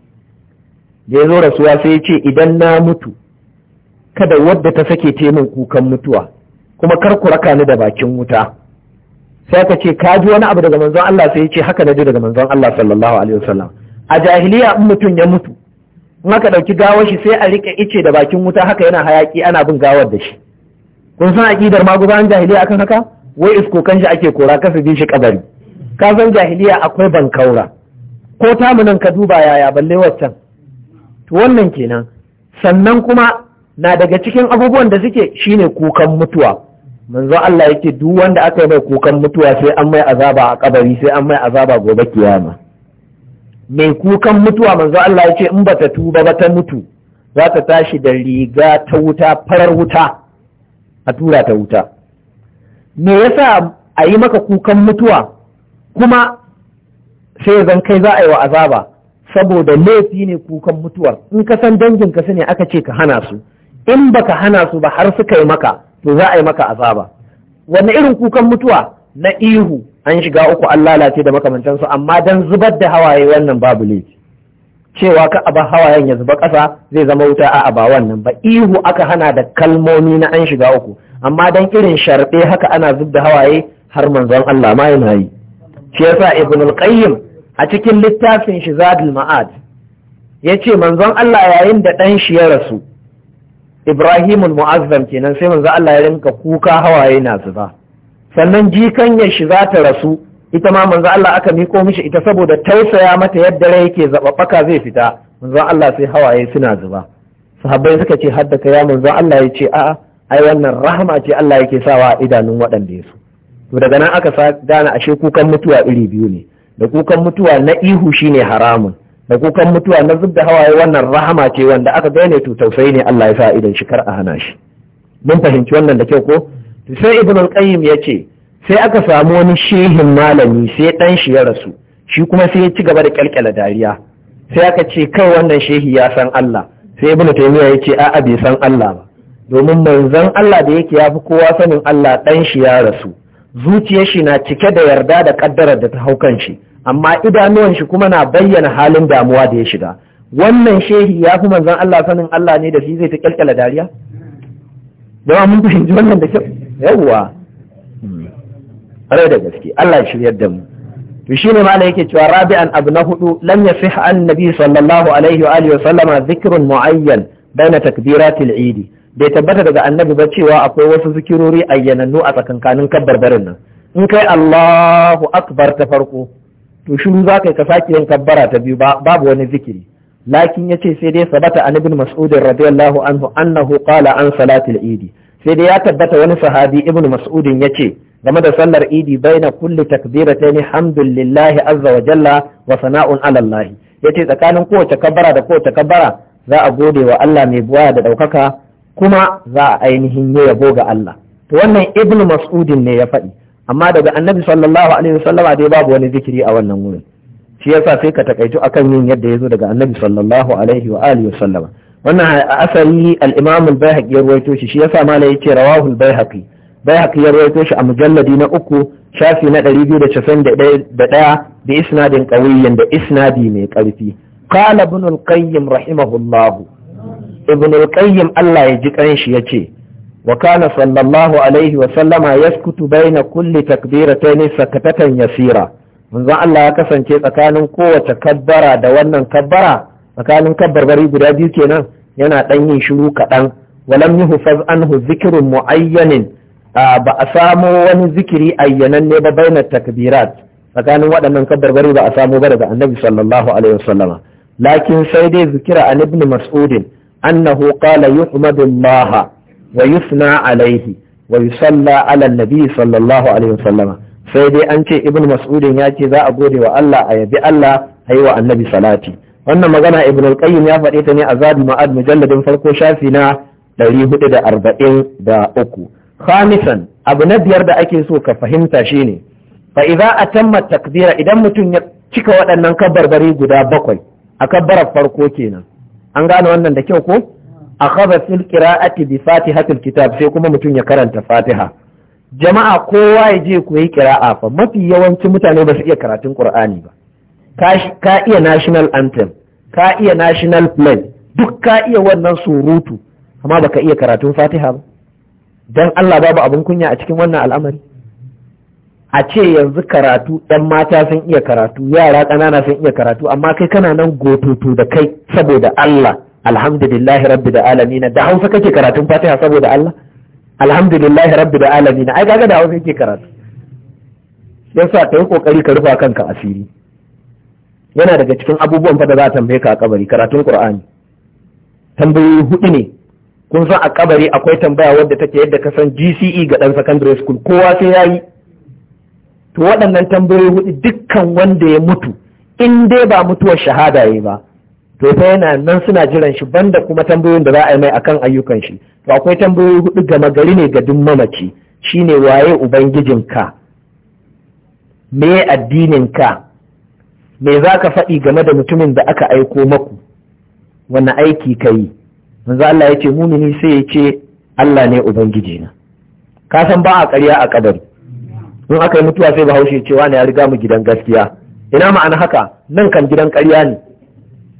da ya zo rasuwa sai ya ce idan na mutu kada wadda ta sake min kukan mutuwa kuma kar ku raka ni da bakin wuta sai ka ce ka ji wani abu daga manzon Allah sai ya ce haka na ji daga manzon Allah sallallahu alaihi wasallam a jahiliya in mutum ya mutu In aka ɗauki gawar shi sai a riƙe ice da bakin wuta haka yana hayaƙi ana bin gawar da shi kun san aƙidar maguzawan jahiliya akan haka wai iskokan shi ake kora kasa bin shi ƙabari. ka san jahiliya akwai bankaura ko ta nan ka duba yaya balle waccan to wannan kenan sannan kuma na daga cikin abubuwan da suke shine kukan mutuwa manzo Allah yake duk wanda aka yi mai kukan mutuwa sai an mai azaba a kabari sai an mai azaba gobe kiyama mai kukan mutuwa manzo Allah ya ce in bata tuba ba ta mutu za ta tashi da riga ta wuta farar wuta a tura ta wuta me yasa a yi maka kukan mutuwa kuma sai zan kai za a yi wa azaba saboda laifi ne kukan mutuwar in ka san dangin ka ne aka ce ka hana su in baka hana su ba har suka yi maka to za a yi maka azaba wanne irin kukan mutuwa na ihu an shiga uku an lalace da makamantansu amma don zubar da hawaye wannan babu laifi cewa ka a aba hawayen ya zuba ƙasa zai zama wuta a ba wannan ba ihu aka hana da kalmomi na an shiga uku amma don irin sharɓe haka ana zub da hawaye har manzon Allah ma yana yi shi yasa ibn qayyim a cikin littafin shi zadul ma'ad yace manzon Allah yayin da ɗan shi ya rasu ibrahimul mu'azzam kenan sai manzon Allah ya rinka kuka hawaye na zuba sannan jikanyar shi za ta rasu ita ma manzo Allah aka miko mishi ita saboda tausaya mata yadda rai yake zaɓaɓɓaka zai fita manzo Allah sai hawaye suna zuba sahabbai suka ce hadda ka ya manzo Allah ya ce a'a ai wannan rahama ce Allah yake sawa a idanun waɗanda ya so to daga nan aka gane ashe kukan mutuwa iri biyu ne da kukan mutuwa na ihu shine haramun da kukan mutuwa na zubda hawaye wannan rahama ce wanda aka gane to tausayi ne Allah ya sa idan shi kar a hana shi mun fahimci wannan da kyau ko sai ibn al-qayyim yace sai aka samu wani shehin malami sai dan shi ya rasu shi kuma sai ya ci gaba da kyalkyala dariya sai aka ce kai wannan shehi ya san Allah sai ibn taymiya yace a'a bai san Allah ba domin manzon Allah da yake ya fi kowa sanin Allah dan shi ya rasu zuciyar shi na cike da yarda da kaddarar da ta hau shi amma idanuwan shi kuma na bayyana halin damuwa da ya shiga wannan shehi ya fi manzon Allah sanin Allah ne da shi zai ta kyalkyala dariya da mun fahimci wannan da kyau yawwa ƙwarai da gaske Allah ya shiryar da mu to shine ma da yake cewa rabi'an abu na hudu lam yasih an nabi sallallahu alaihi wa alihi wa sallama dhikrun muayyan baina takbiratil idi bai tabbata daga annabi ba cewa akwai wasu zikirori ayyanannu a tsakankanin kabbarbarin nan in kai Allahu akbar ta farko to shiru za ka yi yin kabbara ta biyu babu wani zikiri lakin yace sai dai sabata an ibn mas'ud radiyallahu anhu annahu qala an salatil idi sai dai ya tabbata wani sahabi ibn mas'ud ce game da sallar idi baina kulli takbiratayn hamdulillahi azza wa jalla wa sana'un ala allah yace tsakanin kowace kabbara da kowace kabbara za a gode wa Allah mai buwa da daukaka kuma za a ainihin yi yabo ga Allah to wannan ibn mas'udin ne ya faɗi amma daga annabi sallallahu alaihi wasallama dai babu wani zikiri a wannan wurin shi yasa sai ka takaitu akan yin yadda ya zo daga annabi sallallahu alaihi wa alihi wasallama wannan asali al-imam al-baihaqi ya rawaito shi shi yasa malai yace rawahu al-baihaqi baihaqi ya rawaito shi a mujalladi na uku shafi na 291 da isnadin qawiyyan da isnadi mai karfi qala ibn al-qayyim rahimahullah ibn al-qayyim Allah ya ji kanshi yace wa kana sallallahu alaihi wa sallama yaskutu baina kulli takbiratayn sakatatan yasira manzon Allah ya kasance tsakanin kowace kabbara da wannan kabbara tsakanin kabbarbari guda biyu kenan yana ɗan yin shiru kaɗan walam yuhfaz anhu zikirin muayyanin ba a samo wani zikiri ayyananne ba baina takbirat tsakanin waɗannan kabbarbari ba a samo ba daga annabi sallallahu alaihi lakin sai dai zikira an ibn mas'udin annahu qala yuhmadu wa yusna alaihi wa yusalla ala nabi sallallahu alaihi sai dai an ce ibn mas'udin ya ce za a gode wa Allah a yabi Allah a yi wa annabi salati wannan magana ibn al-qayyim ya faɗe ta ne a zabi ma'ad mujalladin farko shafi na 443 khamisan abu na biyar da ake so ka fahimta shine fa idza atamma takbira idan mutum ya cika waɗannan kabar-bari guda bakwai a kabbarar farko kenan an gane wannan da kyau ko a khabar fil qira'ati bi fatihatil kitab sai kuma mutum ya karanta fatiha jama'a kowa ya je koyi kira'a fa mafi yawancin mutane ba su iya karatun Kur'ani ba ka iya national anthem ka iya national plan duk ka iya wannan surutu amma baka iya karatun fatiha ba dan Allah babu abin kunya a cikin wannan al'amari a ce yanzu karatu ɗan mata sun iya karatu yara ƙanana sun iya karatu amma kai kana nan gototo da kai saboda Allah alhamdulillahi rabbi da alamina da hausa kake karatun fatiha saboda Allah alhamdulillah da alamin ai gaga da hausa yake karatu sa ta yi kokari ka rufa kanka asiri yana daga cikin abubuwan fa da za a tambaye ka a kabari karatun qur'ani tambayoyi hudu ne kun san a kabari akwai tambaya wadda take yadda ka san GCE ga ɗan secondary school kowa sai yayi to waɗannan tambayoyi hudu dukkan wanda ya mutu in dai ba mutuwar shahada yi ba to fa yana nan suna jiran shi banda kuma tambayoyin da za a yi mai akan ayyukan shi to akwai tambayoyi hudu ga gari ne ga duk mamaci shine waye ubangijin ka? me addinin ka? me za ka faɗi game da mutumin da aka aiko maku wani aiki ka yi manzo Allah ya ce mumini sai ya ce Allah ne ubangiji na ka san ba a ƙarya a kabari in aka yi mutuwa sai bahaushe cewa ne ya riga mu gidan gaskiya ina ma'ana haka nan kan gidan ƙarya ne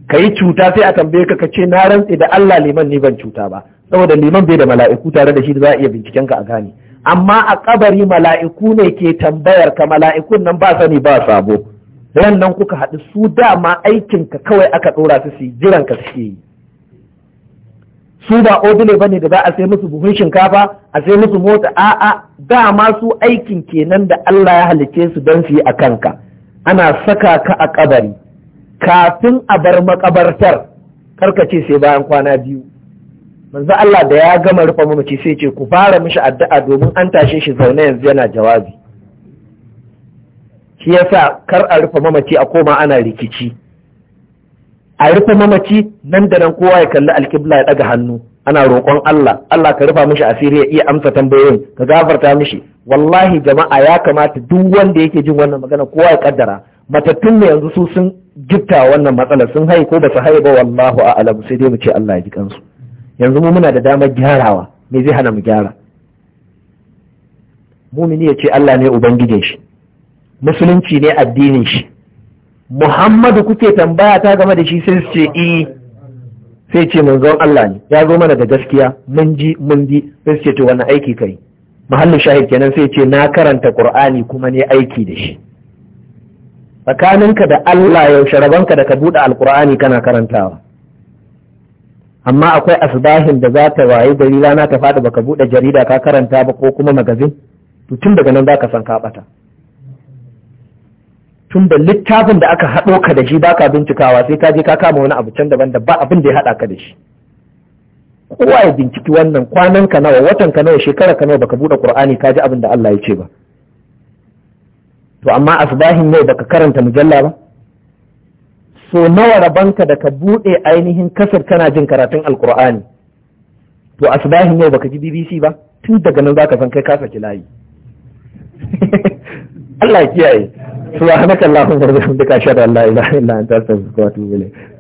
ka yi cuta sai a tambaye ka ka ce na rantse da Allah liman ne ban cuta ba saboda liman bai da mala'iku tare da shi da za a iya binciken ka a gane amma a kabari mala'iku ne ke tambayar ka mala'ikun nan ba sani ba sabo ran nan kuka haɗu su dama aikin ka kawai aka ɗora su su jiran ka suke yi su ba odile bane da za a sai musu buhun shinkafa a sai musu mota a'a dama su aikin kenan da Allah ya halicce su don su yi a kanka ana saka ka a kabari kafin a bar makabartar ce sai bayan kwana biyu manzo Allah da ya gama rufe mamaci sai ce ku fara mishi addu'a domin an tashe shi zaune yanzu yana jawabi shi yasa kar a rufe mamaci a koma ana rikici a rufe mamaci nan da nan kowa ya kalli alkibla ya daga hannu ana roƙon Allah Allah ka rufa mishi asiri ya iya amsa tambayoyin ka gafarta mishi wallahi jama'a ya kamata duk wanda yake jin wannan magana kowa ya kaddara matattun ne yanzu su sun gitta wannan matsalar sun haye ko ba su haye ba wallahu a'lam sai dai mu ce Allah ya ji kansu yanzu mu muna da damar gyarawa me zai hana mu gyara mumini ya ce Allah ne ubangijin shi musulunci ne addinin shi Muhammadu kuke tambaya ta game da shi sai su ce i eh, sai ce manzon Allah ne ya zo mana da gaskiya mun ji mun ji sai su ce to wani aiki kai mahallin shahid kenan sai ce na karanta Qur'ani kuma ne aiki da shi tsakaninka da Allah yaushe rabanka da ka buɗe alkur'ani kana karantawa amma akwai asbahin da za ta waye gari rana ta faɗi baka buɗe jarida ka karanta ba ko kuma magazin to tun daga nan za ka san ka ɓata. tun da littafin da aka haɗo ka da shi ba ka bincikawa sai ka je ka kama wani abu can daban da ba abin da ya haɗa ka da shi kowa ya binciki wannan kwanan ka nawa watan ka nawa shekara ka nawa baka buɗe Ƙur'ani ka ji abin da Allah ya ce ba to amma asbahin yau baka karanta mujalla ba so nawa rabanka da ka bude ainihin kasar kana jin karatun alkur'ani to asbahin yau baka ji bbc ba tun daga nan zaka san kai ka saki layi (laughs) Allah ya kiyaye subhanakallahumma wa bihamdika ashhadu an la ilaha illa anta astaghfiruka wa atubu ilayk